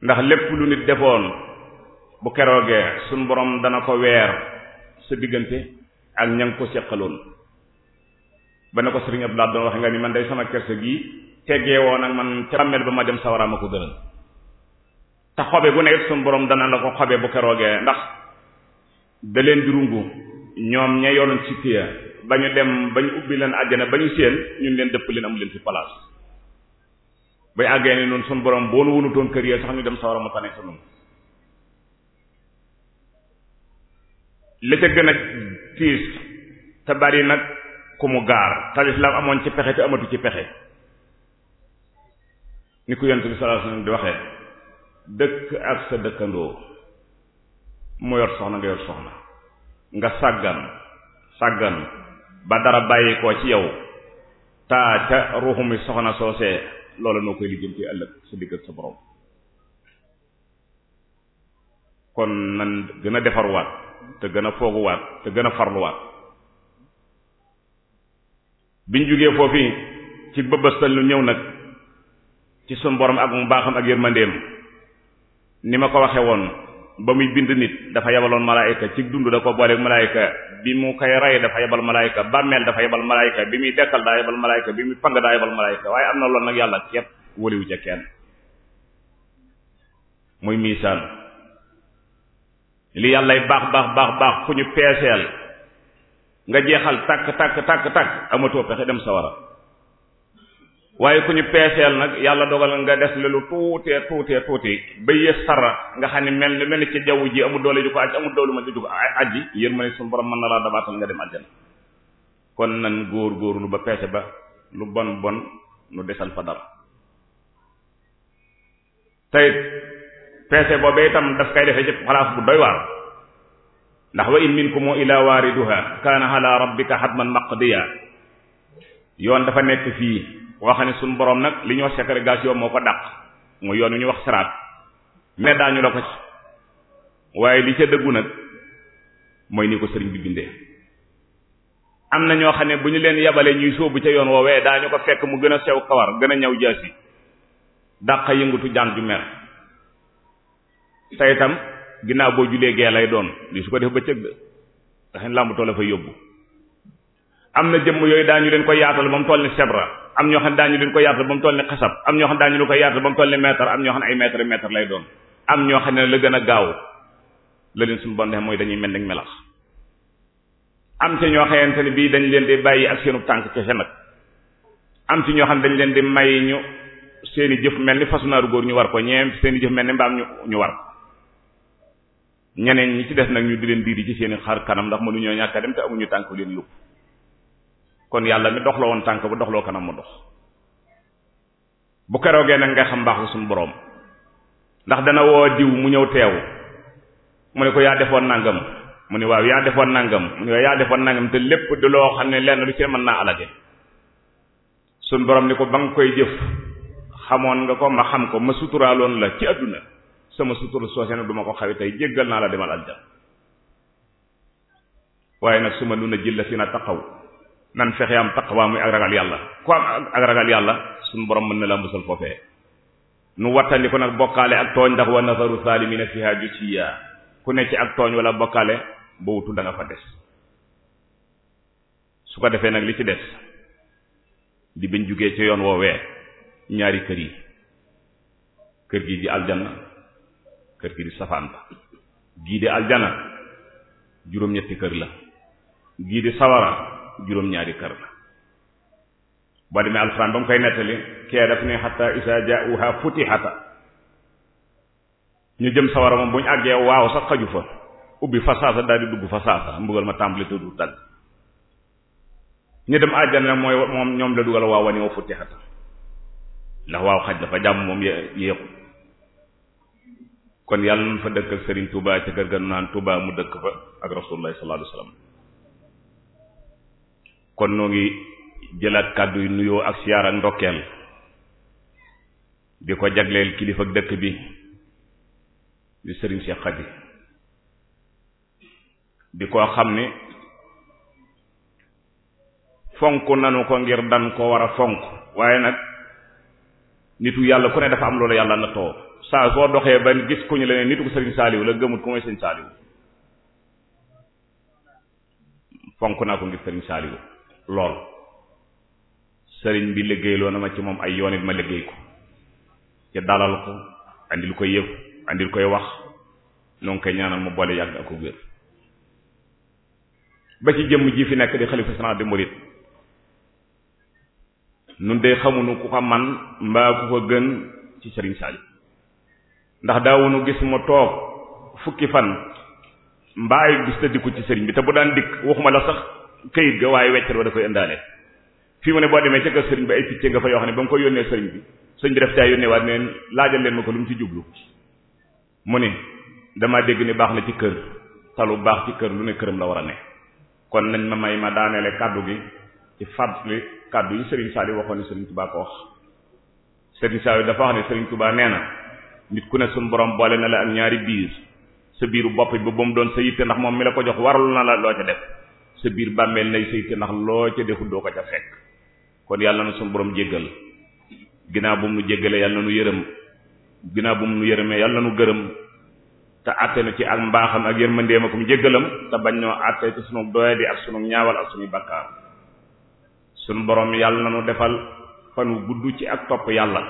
ndax lépp lu nit defoon bu keroogee suñ borom dana ko weer sa diggante ak ñan nga ko seqaloon ba ne ko sëriñ Abdoulaye doon wax nga ni man day sama kerse gi teggee woon ak man ca bàmmeel ba ma dem sawara ma ko gënal te xobe bu nekk suñu borom dana la ko xobe bu keroogee ndax da leen di rungu ñoom ña yoonu ci tiya ba ñu dem ba ñu ubbi leen àjjana ba ñu séen ñun leen dëpp leen amu leen fi place bay àggee ne noonu suñu borom boo nu wunutoon kër yee sax ñu dem sawara mu tane sa li ca gën a tiis te bari nag ku mu gaar te lislaam amoon ci pexe te amatu ci pexe ni ku yonent bi sallallahu alayhi di waxee dëkk ak sa dëkkandoo mu yor soxna nga yor soxna nga sàggan sàggan ba dara bàyyi ko ci yow taa ca ruuxu mi soxna soosee loola noo koy lijjanti ëllëg sa digg sa borom kon nan gën a defarwaat te gën a fooguwaat te gën a farluwaat biñ jógee foofu ci bëbëstal lu ñëw nag ci sun borom ak mu baaxam ak yërmandeem ni ma ko waxe woon ba muy bind nit dafa yabaloon malaayka ci dund da ko booleeg malaayka bi mu koy rey dafa yabal malaayka bàmmeel dafa yabal malaayka bi muy dekkal daa yabal malaayka bi muy pang daa yabal malaayka waaye am na loolu nag yàlla képp wóliwu ca kenn muy miisaan li yàllay baax baax baax baax ku ñu peeseel nga jeexal tàkk tàkk tàkk tàkk amatoo pexe dem sawara waaye ku ñu peeseel nag yàlla dogal nga des lu tuutee tuutee tuuti ba yées sara nga xam ne mel ni mel ni ci jaww ji amul doole ju ko aj amul doole ma ju ko ajji yéen ma ne suñu borom mën na laa dabaatal nga dem àjjana kon nan góor góorlu ba peese ba lu bon bon nu desal fa dara tayit peese boobee itam daf kay defe ci place bu doy waar ndax wa in minkum ila waariduha kaana ala rabbika hatman maqdiya yoon dafa nekk fii woo xam ne suñu boroom nag li ñuy wax ségrégation moo ko dàq mu yoon wi ñu wax siraat mais ñu la ko ci waaye li ca dëggu nag mooy ni ko sëriñ bi bindee am na ñoo xam ne bu ñu leen yabalee ñuy sóobu ca yoon woowee daañu ko fekk mu gën a sew kawar gën a ñaw jaasi dàq yëngutu jaan ju mer tey itam ginnaaw boo julee gee lay doon li su ko def bëccëg de ndax làmb tool la yóbbu am na jëmm yooyu daañu leen ko yaatal ba mu toll ni sebra am xam ne daañu ko yaatal ba mu toll ni ñoo xam ne ko yaatal ba mu toll ni mètre am ñoo xam ne ñoo xam ne la gën a gaaw la leen suñu bon de mooy dañuy mel ni melax am ci ñoo ne bii dañ leen di bàyyi ak seenu tànk kese nag am ci ñoo xam ne dañ leen di may ñu seeni jëf mel ni fasunaaru góor ñu war ko ñeem seeni jëf mel ni mbaam ñu ñu war ñeneen ñi ci des nag ñu di leen diidi ci seen i xar kanam ndax mënuñoo ñàkk a dem te amuñu tànk leen yóbbu kon yàlla mi la woon tànk bu ba doxloo kanam mu dox bu keroogee nag nga xam mbaaxu suñu boroom ndax dana woo diw mu ñëw teew mu ne ko yaa defoon nangam mu ne waaw yaa defoon nangam mu ne waaw yaa defoon nangam te lépp di loo xam ne lenn lu ci mën naa alage suñ borom ni ko ba nga koy jëf xamoon nga ko ma xam ko ma la ci àdduna sama suturu soose na duma ko xawi tey jéggal naa la demal aljana waaye nag suma ma nun a jilla fi na taqaw nan fexe am taqawaa muy ak ragal yàlla ku am ak ragal yàlla suñu borom mën na la musal foofee nu wattandi ko nag bokkaale ak tooñ ndax wa nasaru salimina fiha jusiya ku ne ci ak tooñ wala bokkaale bu wutu da nga fa des su ko defee nag li ci des di bañ jugee ci yoon woowee ñaari kër yi kër gi di aljanna kër gi di safaan ba gii di aljana juróom-ñetti kër la gii di sawara juróom-ñaari kër la boo demee alxuraan ba mu koy nettali kee daf ne xatta isaa jaauha futihata ñu jëm sawara moom bu ñu àggee waaw sax xaju fa ubbi fa saasa daal dugg fa saasa mbugal ma tàmbali du dagg ñu dem àjjana mooy moom ñoom la dugal waaw wa ni ndax waaw xaj dafa jàmm moom yéexu kon yàlla nañ fa dëkkal Serigne Touba ca kër ga naan Touba mu dëkk fa ak rasulullah sallallahu alayhi kon noo ngi jëlaat kàddu yu nuyoo ak siyaar ak ndokkeel di ko jagleel kilifa dëkk bi di Serigne Cheikh Khady di ko xam ni fonk nanu ko ngir dan ko war a fonk waaye nag nit wu yàlla ku ne dafa am loolu yàlla na too saa soo doxee ba gis ku ñu leneen nitu ko sëriñ saaliw la gëmut ku mooy sëriñ saaliw fonk naa ko ngir sëriñ saaliw lool sëriñ bi liggéey loo na ma ci moom ay yoon it ma liggéey ko ci dalal ko andil koy yëf andil koy wax noo ngi koy ñaanal mu boole yàgg ak wér ba ci jëmm ji fi nekk di xalifa sana di murid nun de xamuñu ku ko man mbaa ku ko gën ci sëriñ Saliou ndax daawuñu gis ma toog fukki fan mbaa ay gis te dikku ci sëriñ bi te bu daan dikk waxuma la sax kayit ga waaye weccat wa da koy indaale fii mu ne boo demee ca kër sëriñ bi ay picc nga fa yoo xam ne ba nga koy yónnee sëriñ bi sëriñ bi def caa yónnee waat neen laajal leen ma ko lu mu ci jublu mu ni dama dégg ni baax na ci kër talu baax ci kër lu ne këram la war a ne kon nañ ma may ma daaneele kàddu gi ci kàddu yi Serigne Saliou waxoon ne Serigne Touba ko wax Serigne Saliou dafa wax ne Serigne Touba na nit ku ne suñu borom na la ak sa biiru bopp bi ba mu doon moom mi la ko jox warul na la sa biir bàmmeel nay sa ndax loo ca defut doo ko ca fekk kon yàlla na suñu borom jéggal ginnaaw bu mu nu jéggalee yàlla na nu yërëm ginnaaw bu mu nu yërëmee yàlla na nu gërëm te àtte na ci ak mbaaxam ak yërmandeem akum jéggalam te bañ noo àtte ci sunu doyadi ak sunu ñaawal ak sunu bakkaar sunu borom yàlla na nu defal fan wu gudd ci ak topp yàlla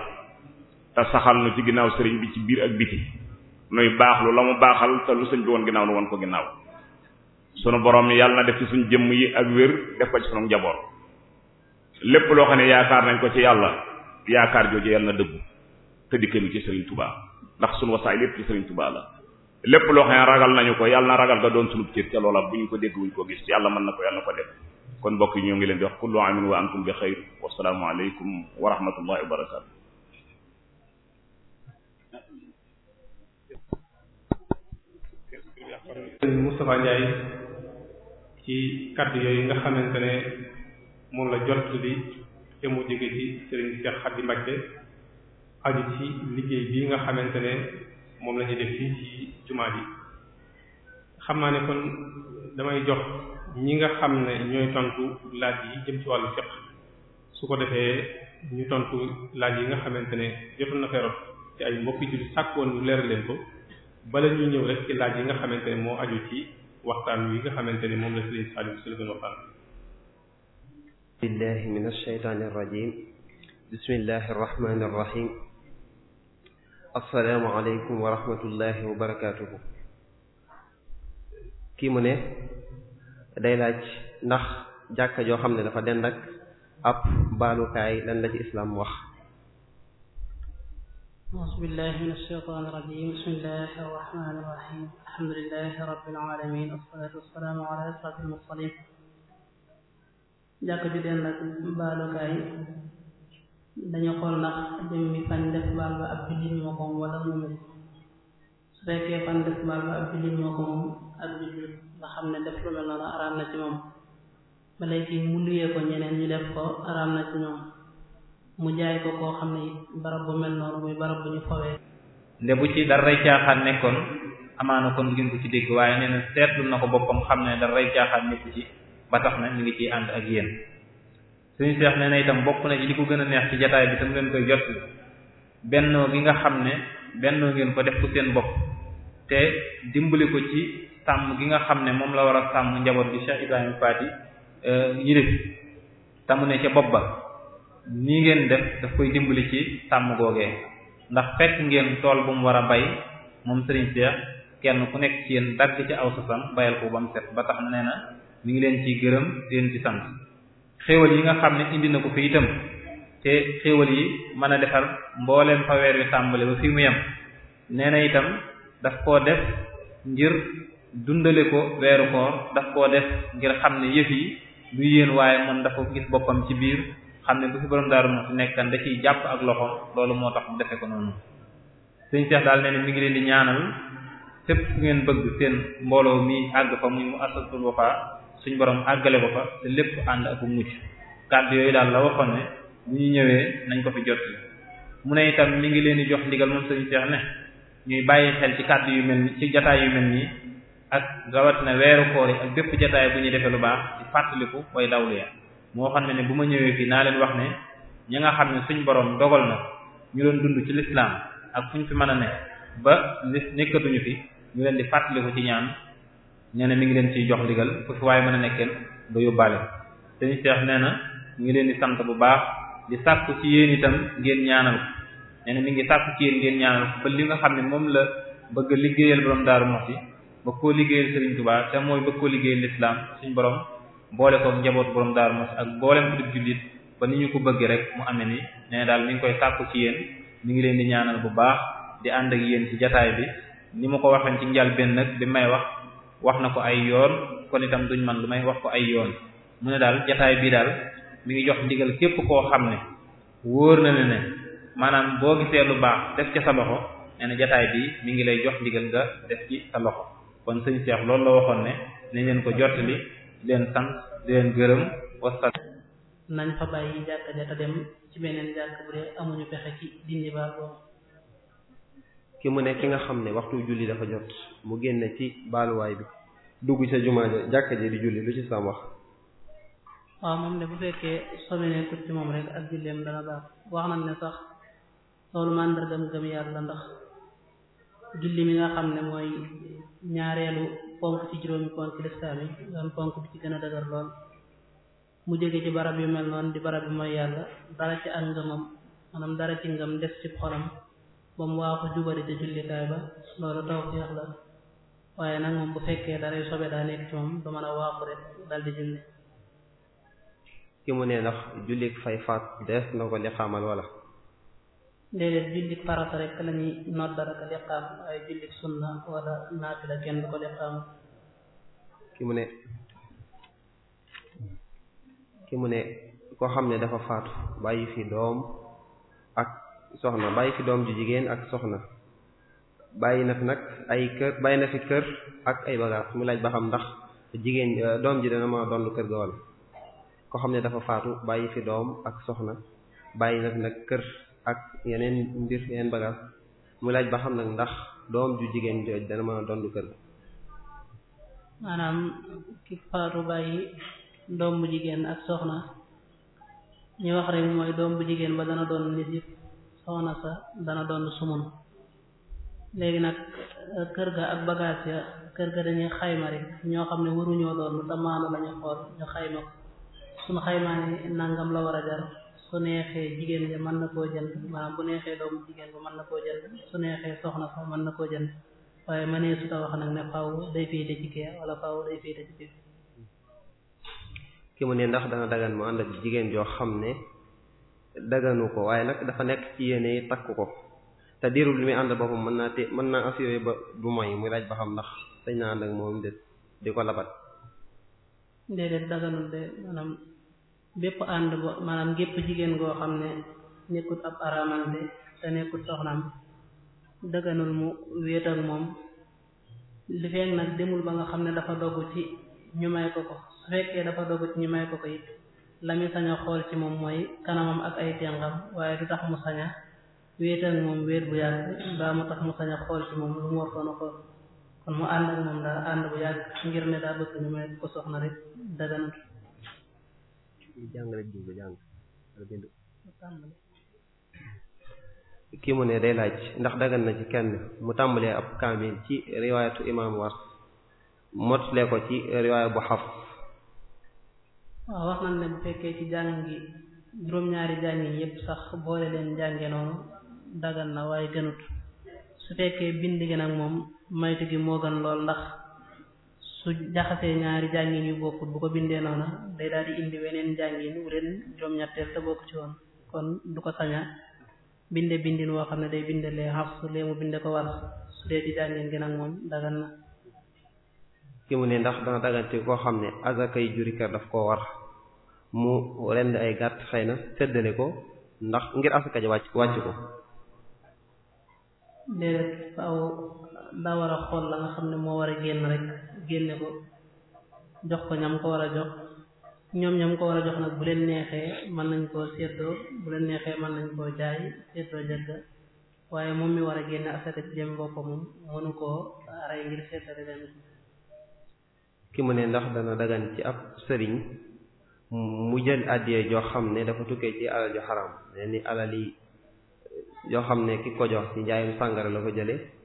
te saxal nu ci ginnaaw sëriñ bi ci biir ak biti nuy baaxlu la mu baaxal te lu sëñ bi woon ginnaaw nu woon ko ginnaaw sunu borom yàlla na def ci suñ jëmm yi ak wér def ko ci sunu njaboot lépp loo xam ne yaakaar nañ ko ci yàlla yaakaar jooju yàlla na dëggu te dikkanu ci sëriñ Touba ndax sunu wasaay lépp ci sëriñ Touba la lépp loo xam ne ragal nañu ko yàlla na ragal ga doon sunu cër ca loola bu ñu ko dégg wuñ ko gis yàlla mën na ko yàlla na ko def kon mbokk yi ñoo ngi leen di wax kullu amin wa antum bi xayr wa salaamu aleykum wa wa barakaatu sëñ Moustapha ci kàddu yooyu nga xamante ne moom la jot li te mu jóge nga xamante ne moom la def fii ci jumaa ji xam naa ne kon damay jox ñi nga xam ne ñooy tontu laaj yi jëm ci wàllu fiqh su ko defee ñu tontu laaj yi nga xamante ne jotoon na feeroot ci ay mbokki jullit sàkkoon ñu leeral leen ko bala ñuy ñëw rek ci laaj yi nga xamante ne moo aju ci waxtaan wi nga xamante ne moom la Sëriñ Saliou Sy doon waxtaan. billahi min ash-shaytaani rajiim bismillahi rahmaani rahiim assalaamu aleykum wa rahmatullahi wa barakaatuhu kii mu ne day laaj ndax jàkka joo xam ne dafa dend ak ab baalukaay lan la ci islaam wax auzu billahi min ashaytaani rajim bismillahi arrahmani irrahim alhamdulilahi rabbil alamin wassalatu wassalamu ala ashrafil mursalin jàkka ju dend ak baalukaay dañu xool ndax jëmmi fan def baal ba ab jullit moo ko moom wala moom su fekkee fan def baal ba ab jullit moo ko moom ab jullit nga xam ne def lu mel noonu araam na ci moom ba léegi mu nuyee ko ñeneen ñu def ko araam na ci ñoom mu jaay ko koo xam ne barab bu mel noonu muy barab bu ñu fowee nde bu ci daray caaxaan nekkoon amaana kon ngeen ko ci dégg waaye nee na na ko boppam xam ne daray caaxaan nekku ci ba tax na ñu ngi ciy ànd ak yéen suñu seex nee na itam bokk na ci li ko gën a neex ci jataay bi tam ngeen koy jot bennoo gi nga xam ne bennoo ngeen ko def ko seen bopp sàmm gi nga xam ne moom la war a sàmm njaboot bi Cheikh Ibrahima Fati euh, yilif tamu ne ca bopp ba nii ngeen def daf koy dimbali ci sàmm googee ndax fekk ngeen tool bu mu war a bay moom Serigne Cheikh kenn ku nekk ci yéen dagg ci aw sasam bayal ko ba mu set ba tax nee na mi ngi leen ciy gërëm leen ci sant xéewal yi nga xam ne indi na ko fi itam te xéewal yi mën a defar mbooleem fa weer wi tàmbali ba fi mu yem nee na itam daf koo def ngir dundale ko weeru koor daf koo def ngir xam ne yëf yi du yéen waaye moom dafa gis boppam ci biir xam ne bu fi borom daaru mu nekkan da ciy jàpp ak loxo loolu moo tax mu sëñ Cheikh daal nee mi ngi leen di ñaanal fépp fu ngeen bëgg seen mbooloo mi àgg fa muy mu asasul wafa suñ borom àggale ko fa te lépp ànd ak mucc kàddu yooyu daal la waxoon ne bu ñu ñëwee nañ ko fi jot mu ne itam mi ngi leen di jox ndigal moom sëñ Cheikh ne ñuy bàyyi xel ci kàdd yu mel ni ci jataay yu mel nii ak rawatina weeru xool yi ak bépp jotaay bu ñuy defee lu baax ci fàttaliku way dawlu moo xam ne ne bu ma ñëwee fii naa leen wax ne ñi nga xam ne suñ borom dogal na ñu doon dund ci lislaam ak fuñ fi mën a ne ba nekkatuñu fi ñu leen di fàttaliku ci ñaan nee mi ngi leen ciy jox ndigal fu fi waaye mën a nekkeen ba yóbbaale sëñ Cheikh nee na mi ngi leen di sant bu baax di sàkku ci yéen itam ngeen ñaanal nee mi ngi sàkku ci yéen ngeen ñaanal ba li nga xam ne moom la bëgg liggéeyal borom Daaru Muxti bëgg koo liggéeyal Sëriñ Tuubaa te mooy bëgg koo liggéeyal lislaam suñ borom boole ko njaboot borom daal Muxti ak mboolem ku dib jullit ba ni ñu ko bëgg rek mu amee ni nee daal mi ngi koy sàkku ci yéen mu ngi leen di ñaanal bu baax di ànd ak yéen ci jataay bi ni mu ko wax waxee ci njalbeen nag bi may wax wax na ko ay yoon kon itam duñ man lu may wax ko ay yoon mu ne daal jataay bii daal mi ngi jox ndigal képp koo xam ne wóor na ne maanaam boo gisee baax def ca sa loxo jataay bi mi ngi lay jox ndigal nga ci sa kon sëñ Cheikh lool la waxoon ne nañ ko jottali di leen sant di leen gërëm wasal nañ fa bàyyi jàkka ja dem ci beneen jàkk bu dee amuñu pexe ci dindi baal boobu ki mu ne ki nga xam ne waxtu julli dafa jot mu génn ci baaluwaay bi dugg sa jumaa ja jàkka ji di julli lu ci sam wax waaw moom de bu fekkee sominee ci moom rek ak julleem dana baax wax nañ ne sax loolu màndargam gëm yàlla ndax julli mi nga xam ne mooy ñaareelu ponk ci juróomi ponk lislaam yi ponk bi ci gën a dëgër lool mu jóge ci barab yu mel noonu di barab yu mooy yàlla dara ci ak ngëmam maanaam dara ci ngëm des ci xolam ba mu waaxu jubari di jullikaay ba loolu tawfiix la waaye nag moom bu fekkee dara yu daa nekk ci moom du mën a waaxu rek dal di julli ki mu ne ndax jullik fay faat des na ko li xamal wala léeg-léeg jullit farata rek la ñuy noddal ak ay jullit sunna wala naafila kenn du ko liqaam ki mu ne ki mu ne koo xam ne dafa faatu bàyyi fi doom ak soxna bàyyi fi doom ju jigéen ak soxna bàyyi na nag ay kër bàyyi na fi kër ak ay bagaas mu laaj ba xam ndax jigéen euh, doom ji dana ma donn kër ga wala koo xam ne dafa faatu bàyyi fi doom ak soxna bàyyi na nag kër ak yeneen mbir yeneen bagage mu laaj ba xam nag ndax doom ju jigéen jooj dana mën a dondu kër maanaam ki faatu bàyyi doom bu jigéen ak soxna ñu wax rek mooy doom bu jigéen ba dana doon nit yi soxna sa dana doon sumun léegi nag euh, kër ga ak bagage ya kër ga dañuy xayma rek ñoo xam ne waruñoo doon lu tamaanu lañu xool ñu xayma ko suñu xaymaa nangam la war a jar su neexee jigéen ja mën na koo jënd maanaam bu neexee doomu jigéen ba mën na koo jënd su neexee soxna fa mën na koo jën waaye ma nee su ta wax nag ne faaw day féete ci ki mu ne ndax dana dagan mu ànd ak jigéen joo xam ne daganu ko waaye nag dafa nekk ci yéene takk ko te diirub li muy ànd boppam mën naa te mën naa assuré ba du moy muy laaj ba xam ndax dañ naa ànd ak moom di ko labat déedéet daganul de maanaam bépp ànd bo maanaam gépp jigéen goo xam ne nekkut ab aramante te nekkut soxnaam dëgganul mu wéet moom li feeg nag demul ba nga xam ne dafa dogg ci ñu may ko ko su fekkee dafa dogg ci ñu may ko ko it la muy a xool ci moom mooy kanamam ak ay téngam waaye du tax mu sañ a wéet ak moom wéet bu yàgg baa mu tax mu sañ a xool ci moom lu mu wartoon a kon mu ànd ak moom daal ànd bu yàgg ngir ne daa bëgg ñu may ko soxna rek dëgganul jàng rek jublu kii mu ne day laaj ndax dagan na ci kenn mu tàmbalee ab kaamil ci riwaayatu imaam Wars motle ko ci riwaaya bu Hafs waaw wax nañ ne bu fekkee ci jàng juróom-ñaari jàng yépp sax boole leen jànge noonu dagan na waaye gënut su fekkee bind gi nag moom maytu gi moo gën lool ndax su jaxasee ñaari jàngin yu bokkul bu ko bindee noona day daal di indi weneen jàngin wuleen juróom-ñetteel te bokk ci kon du ko saña binde bindin woo xam ne day binde lee xafsu lee mu binde ko war su dee ci jàngin gi nag moom dagan na ki mu ne ndax dana dagan ci koo xam ne azakay juri kër daf koo war mu rend ay gàtt xëy na seddale ko ndax ngir asaka ja wàcc wàcc ko déedéet faaw daa war a xool la xam ne moo war a génn rek génne ko jox ko ñam ko war a jox ñoom ñam ko war a jox nag bu leen neexee mën nañ koo séddoo bu leen neexee man nañ koo jaay séddoo jëgg waaye moom mi war a génne asaka ci jëm koo rey ki mu ne ndax dana dagan ci ab sëriñ mu jël àddiyee joo xam ne dafa tukkee ci alal ju xaram leen ni alal yi eh, yoo xam ne ki ko jox ci njaayum sàngara la ko jële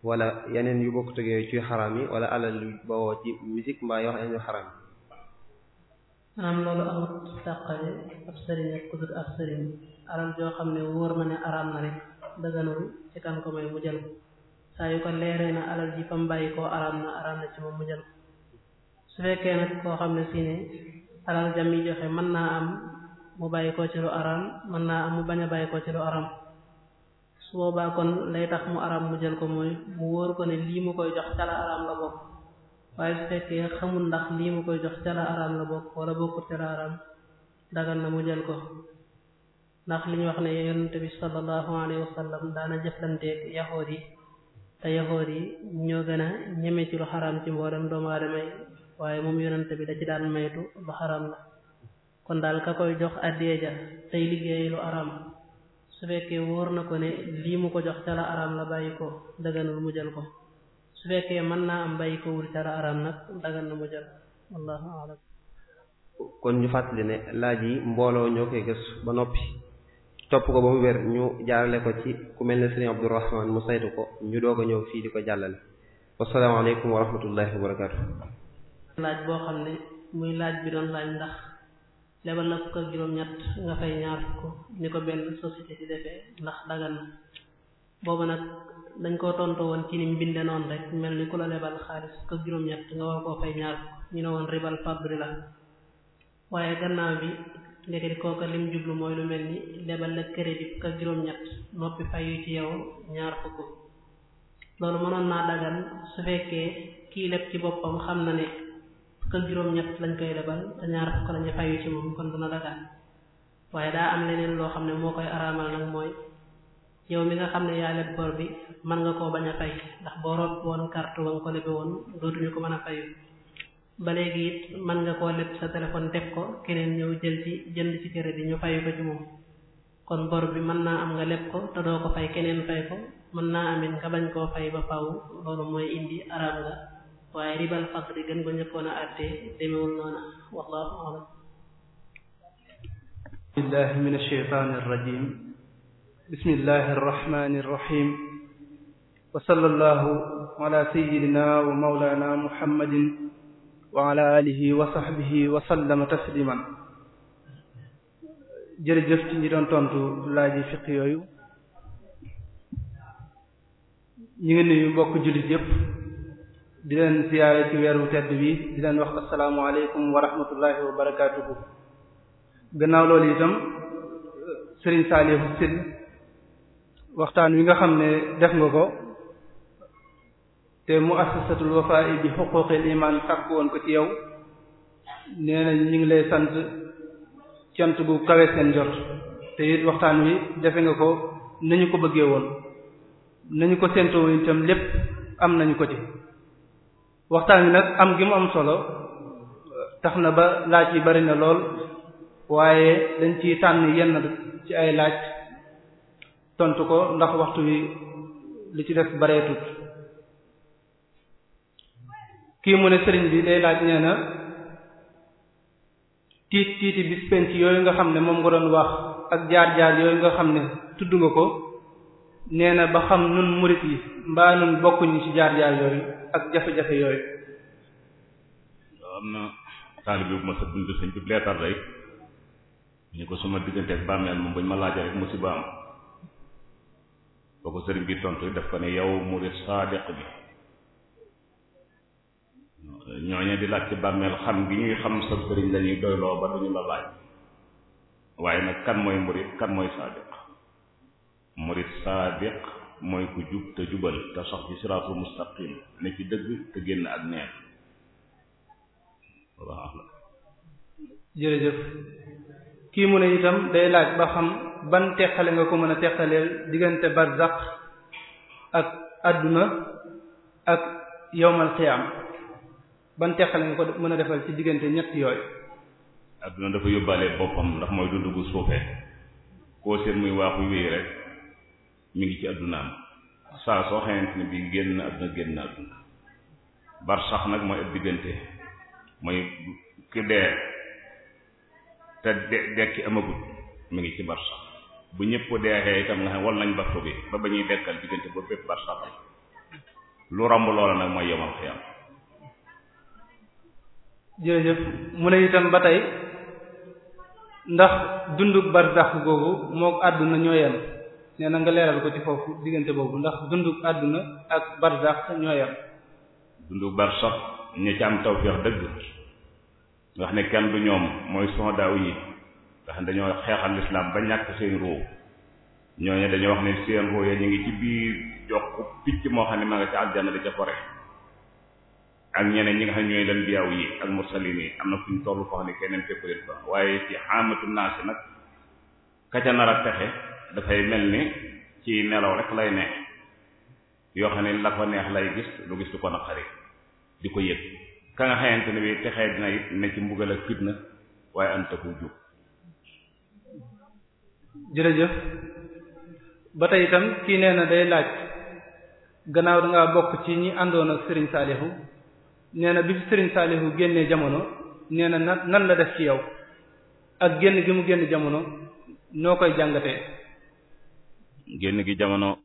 wala yeneen yu bokk tëgee ci xaraam yi wala alal ba bawoo ci musique mbaa yoo xam ne yu xaraam na ne araam ko may mu na alal ji fam bàyyi koo araam na araam yi joxe mën naa am mu bàyyi koo ci lu araam mën naa am mu bañ a bàyyi koo ci lu araam su boobaa kon lay tax mu araam mu jël ko mooy mu wóor ko ne lii mu koy jox cala araam la bokk waaye fekkee xamul ndax lii mu koy jox cala la bokk wala bokkut cala araam na mu jël ko ndax li ñu wax ne yonente bi sallallahu alayhi wa sallam daana yi te yahood yi ñoo gën a ñeme ci lu xaraam ci mboolem doomu aadama yi waaye moom yonente bi da ci daan maytu lu xaraam la kon daal ka koy jox a ja tey liggéey lu araam su fekkee wóor na ko ne lii mu ko jox ca la araam la bàyyi ko daganul mu jël ko su fekkee mën naa am bàyyi ko wul ca araam nag dagan na mu jël wallahu a'lam kon ñu fàttali ne laaj yi mbooloo ñoo ko gëstu ba noppi topp ko ba mu wér ñu jaarale ko ci ku mel ne sëriñ Abdourahman mu saytu ko ñu doog a ñëw fii di ko jàllale wasalaamaaleykum wa rahmatullahi wa barakatu laaj boo xam ne muy laaj bi doon laaj ndax lebal na fukk ak juróom-ñett nga fay ñaar fukk ni ko benn société di defee ndax dagan na booba nag dañ koo tontoo woon ci nim binde noonu rek mel ni ku la lebal xaalis fukk ak juróom-ñett nga war koo fay ñaar fukk ñu ne woon ribal fabri waaye gannaaw bi ndeketi kooka lim jublu mooy lu mel ni lebal la crédit fukk ak juróom-ñett noppi fayu ci yow ñaar fukk loolu mënoon naa dagan su fekkee kii leb ci boppam xam na ne fukk ak juróom-ñett lañ koy lebal te ñaar fukk lañu fayu ci moom waaye daa am leneen loo xam ne moo koy araamal mooy yow mi nga xam ne yaa leb bi mën nga koo bañ a fay ndax boo root woon carte ko lebe woon dootuñu ko a fayu ba léegi mën nga koo leb teg ko keneen ñëw jël ci jënd ci ñu fayu ko moom kon bor bi mën naa am nga leb ko te doo ko fay keneen fay ko mën naa amit nga bañ koo fay ba faw loolu mooy indi araam nga waaye ribal xadri gën ko ñëkkoon a àttee demewul noona wallahu a'lam billahi min ash-shaytani ar-rajim bismillahi ar-rahmani ar-rahim wa sallallahu ala sayyidina wa mawlana muhammadin wa ala alihi wa sahbihi wa sallama tasliman jërëjëf ci ñi doon tontu laaji fiq yooyu ñu ngi nuyu mbokk jullit yépp di leen ziyaare ci weeru tedd bi di leen wax assalaamu aleykum wa rahmatullahi wa barakaatuhu gannaaw loolu itam sëriñ Saliou Sy waxtaan wi nga xam ne def nga ko te muassasatul Wafa'i bi huquqil iman sàkk woon ko ci yow nee na ñu ngi lay sant cant gu kawe seen jot te it waxtaan wi defe nga ko nañu ko bëggee woon nañu ko séentoo tam lépp am nañu ko ci waxtaan wi nag am gi mu am solo tax na ba laaj yi bari na lool waaye dañ ci tànn yenn ci ay laaj tontu ko ndax waxtu wi li ci def bareetut kii mu ne sëriñ bi day laaj nee na tiit tiiti bis penc yooyu nga xam ne moom nga doon wax ak jaar jaar yooyu nga xam ne tudd nga ko nee na ba xam nun murit yi mbaa nun bokkuñu ci jaar-jaar yooyu ak jafe-jafe yooyu. waaw am na taalibe bu ma sa bind sëñ bi leetar rek ñu ko suma diggante ak bàmmeel moom bañ ma laaj rek musiba am boo ko sëriñ bi tontu daf ko ne yow murit saadiq bi ñooñu di laaj ci bàmmeel xam gi ñuy xam sa sëriñ lañuy doyloo ba duñu la laaj waaye nag kan mooy murit kan mooy saadiq murid saadiq mooy ku jub te jubal te sax ci siraatul mustaqim ne ci dëgg te génn ak neex jërëjëf kii mu ne itam day laaj ba xam ban teqale nga ko mën a teqalee diggante barzaq ak àdduna ak yowmal xiyaam ban teqale nga ko mën a defal ci diggante ñett yooyu adduna dafa yóbbaale boppam ndax mooy dundu gu suufee koo seen muy waaxu wéy rek mi ngi ci addunaam saa soo xamante ne génn na adduna génn na adduna bar nag mooy diggante mooy ki dee te de dekki amagut mi ngi ci bar bu ñëpp deexee itam nga xam wal nañ battu bi ba ba ñuy dekkal diggante ba bépp bar sax lu romb loola nag mooy yomal xiyam mu ne itam ba tey ndax dunduk barzax googu moo àdduna ñoo yem nee na nga leeral ko ci foofu diggante boobu ndax dundu àdduna ak barzax ñoo yem dundu barzax ñi ci am tawfeex dëgg nga xam ne kenn du ñoom mooy son daaw yi nga xam ne dañoo xeexal ba ñàkk seen roo ñooñu dañoo wax ne seen roo ya ñu ngi ci biir jox moo xam ne ma nga ca aljana di ca ak ñeneen ñi nga xam ne ñooy leen biyaaw yi ak mursalin yi am na fu ñu tollu foo xam ne keneen fekkuleen fa waaye ci xaamatu naasi nag kaca nar texe dafay mel ni ci nelaw rek lay ne yoo xam ne la ko neex lay gis lu gis du ko naqari di ko yëg ka nga xayante ne bi texee dina it ne ci mbugal ak fitna waaye am taku jub jërëjëf ba tey itam kii nee na day laaj gannaaw dangaa bokk ci ñi àndoon ak Serigne Saliou nee bi fi Serigne génnee jamono nee nan la def ci yow ak génn gi mu génn jamono noo koy jàngatee génn gi jamono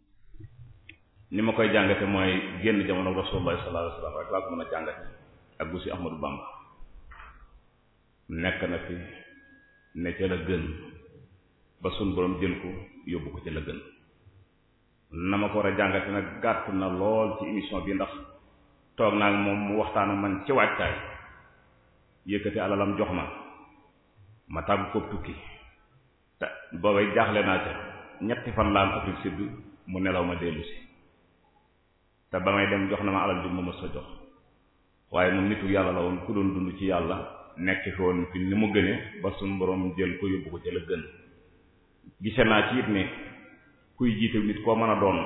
ni ma koy jàngate mooy génn jamono rasulullah sallallahu rek laa ko mën a jàngate ak bu si Ahmadou nekk na fi ne ca la gën ba sun borom jël ko yóbbu ko ca la gën na ma ko war a jàngate nag gàtt na lool ci émission bi ndax toog naa moom mu waxtaan a man ci waajtaay yëkkati alalam jox ma ma tàggu ko tukki te jaaxle naa ca ñetti fan laam Afrique sud mu nelaw ma dellu te ba may dem jox na ma alal ju ma mës sa jox waaye moom nitu yàlla la woon ku doon dund ci yàlla nekk fi fi ni mu gënee ba suñu borom jël ko yóbbu ko ca la gën gise naa ci it ne kuy jiite nit koo mën a doon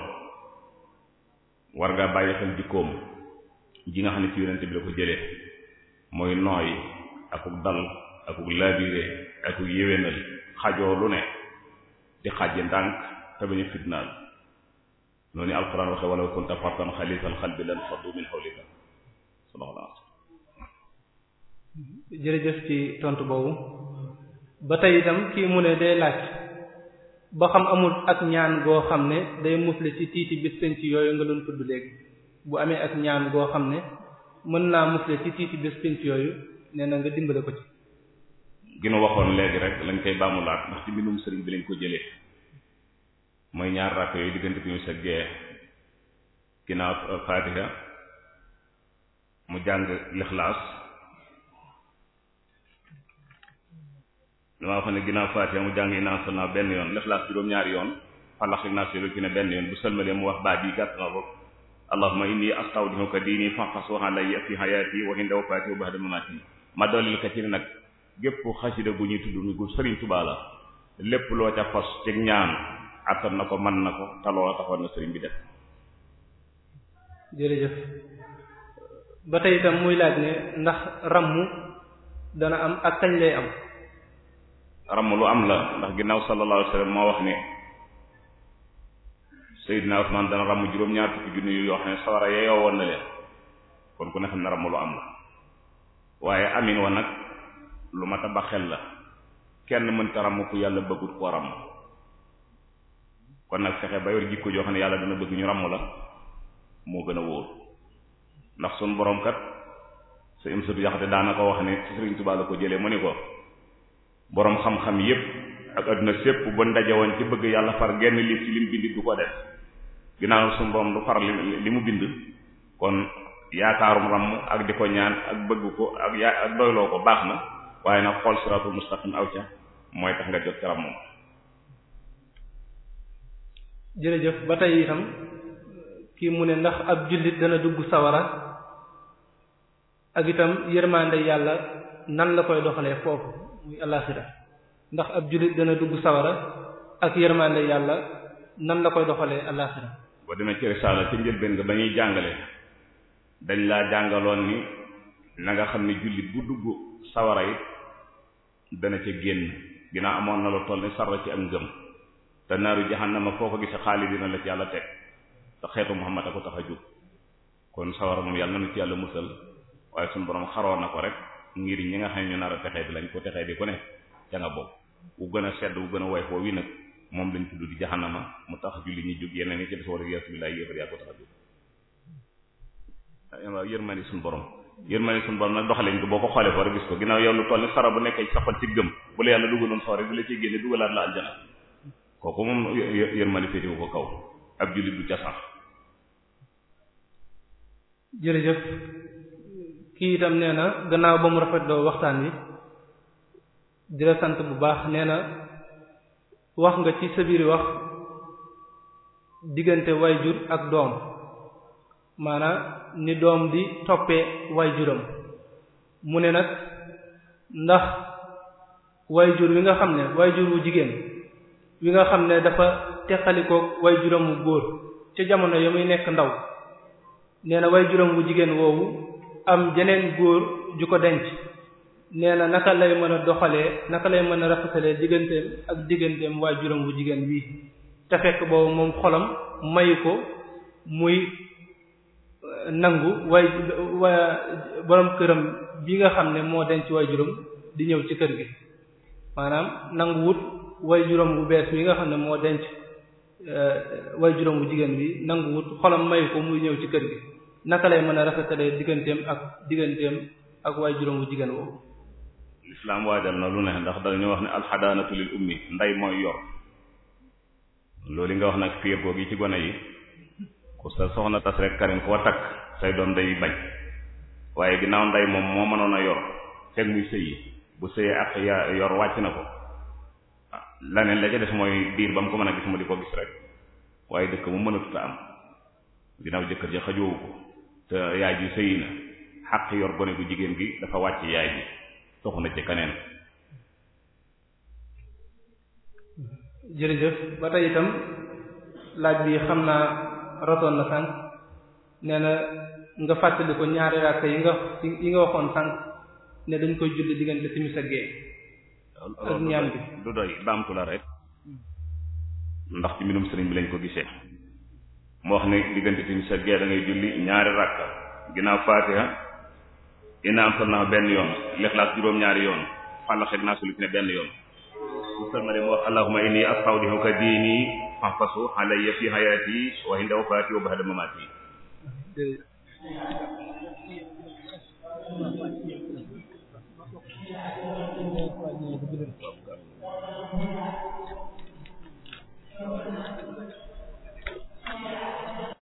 war ngaa bàyyi xel jikkoom ji nga xam ne ci yonente bi la ko jëlee mooy nooy akuk dal akuk laabire akuk yéwénal xajoo lu ne di xàjji ndànk te bañ a fitnaal noonu alquran waxe walaw kunta fartan xalisal xalbi lan faddu min xawlika jërëjëf ci tontu boobu ba tey itam kii ne day laaj ba xam amul ak ñaan goo xam ne day musle ci tiiti bis penc yooyu nga doon tudd léegi bu amee ak ñaan goo xam ne mën naa musle ci tiiti bis penc yooyu nee na nga dimbale ko ci gi nu waxoon léegi rek lañ koy baamulaat ndax ci mbindum sëriñ bi lañ ko jëlee mooy ñaar ràkk yooyu diggante bi ñu sa gee ginnaaw faatiha mu jàng lixlaas damaa fa ne ginnaaw faatiha mu jàng inaa sol naa benn yoon lixlaas juróom-ñaari yoon falax li naa solu ci ne benn yoon bu sëlmalee mu wax baat yi gàtt na ko allahumma inni astawdi'uka diini fa'fas 'anni fi hayaati wa inda wafaati wa ba'da mamaati ma doolil ka ci nag gépp xasida bu ñuy tudd gu sëriñ tubaa lépp loo ca fas ci ñaan attan na ko man na ko te loola taxoon na sëriñ bi def ba tey itam muy laaj ne ndax rammu dana am ak kañ lay am ramm lu am la ndax ginnaaw sallallahu alayhi wasallam wax ne Seydina Usmaan dana woon na leen kon ku ne xam ne ramm lu am la waaye amin wa nag lu ma tabax xel la kenn mënta ramm ku yàlla bëggut koo ramm kon nag fexe ba yor jikko joo xam ne yàlla dina bëgg ñu ramm la moo gën a wóor ndax suñ borom kat sa imsatu yaxate daana wax ne ci Sëriñ Tuubaa ko jëlee mu ni ko boroom xam-xam yépp ak adduna sépp ba ndaje ci bëgg yàlla far genn li ci lim bind du ko def ginnaaw suñu borom du far li mu bind kon yaakaarum ramm ak di ko ñaan ak bëgg ko ak yaa ak doyloo ko baax na waaye nag xool siraatul mustaqim aw ca mooy tax nga jot ca moom jërëjëf ba tey itam kii mu ne ndax ab jullit dana dugg sawara ak itam yërmande yàlla nan la koy doxalee foofu muy alaaxira ndax ab jullit dana dugg sawara ak yërmande yàlla nan la koy doxalee alaaxira boo demee ci risaala ci njëlbeen nga ba ñuy jàngale dañ laa jàngaloon ni nanga xam ne jullit bu dugg sawara yi dana ca génn ginnaaw amoon na lu toll ni sarra ci ak ngëm te naaru jahannama foo ko gise xaalidina la ci yàlla teg te xeetu muhammad a ko tax a jóg kon sawara moom yàlla na nu ci yàlla musal waaye suñu borom xaroon na ko rek ngir ñi nga xam ne ñu nar a texee di lañ ko texee di ku ne ca nga bokk wu gën a sedd wu gën a way foo wi nag moom lañ tudd di jahannama mu tax julli ñi jóg yeneen ni ci des wala yasubilaay yéefar yaa ko tax a jóg waaw yërmande suñu borom yërmande suñu borom nag doxalin gi boo ko xoolee ko rek gis ko ginnaaw yow lu toll ni sara bu nekk ci sa xol ci gëm bu la yàlla dugaloon soo rek bu la ciy génne dugalaat la aljana kooku moom yërmande féetewu ko kaw ab jullit du ca sax kii itam nee na gannaaw ba mu rafetloo waxtaan wi di sant bu baax nee na wax nga ci sa biir wax diggante waajur ak doom maanaam ni doom di toppee way juram mu ne nag ndax way jur wi nga xam ne way jur wu jigéen wi nga xam ne dafa teqalikoog way juram wu góor ca jamono ya muy nekk ndaw nee na way juram wu jigéen woowu am jeneen góor ju ko denc nee na naka lay mën a doxalee naka lay mën a rafetalee digganteem ak digganteem way juróom wu jigéen wii te fekk boobu moom xolam mayu ko muy nangu way borom këram bi nga xam ne moo denc waay juróom di ñëw ci kër gi maanaam nanguwut wut way juróom bu bees bi nga xam ne moo denc eh, way juróom bu jigéen bi nangu wut xolam mayu ko muy ñëw ci kër gi naka lay mën a rafetalee digganteem ak digganteem ak way juróom bu jigéen woowu islam waajal na lu ne ndax ñu wax ne alxadaanatu lil ummi nday mooy yor loolu nga wax nag fiir googu ci gone yi ku sa soxna tas rek karim koo takk say doom day bañ waaye ginnaaw nday moom moo mënoon a yor fekk muy sëyi bu sëyee ak ya yor wàcc na ko ah, laneen da ca def mooy biir ba mu ko mën a gis mu di ko gis rek waaye dëkk mu mënatut am ginnaaw jëkkër ja xajoowu ko te yaay ji sëyi na xaq yor gone gu jigéen gi dafa wàcc yaay ji soxu na ci keneen jërëjëf ba tey itam laaj bi xam naa rotoon na sànq nee na nga fàttali ko ñaari rakk yi nga yi nga waxoon sànq ne dañ koy julli diggante timis ak gée ak ñaan bi du doy baamtu la rek ndax ci mbirum sëriñ bi lañ ko gisee mu wax ne diggante timis ak gée da ngay julli ñaari rakk ginnaaw faatiha inaam sol naa benn yoon lixlaas juróom-ñaari yoon xalaxeeg naa sulu ci ne benn yoon bu sëlmale mu wax allahumma inni as'aluka diini xafasu alayya fi hayati wa inda wafati wa ba'da mamati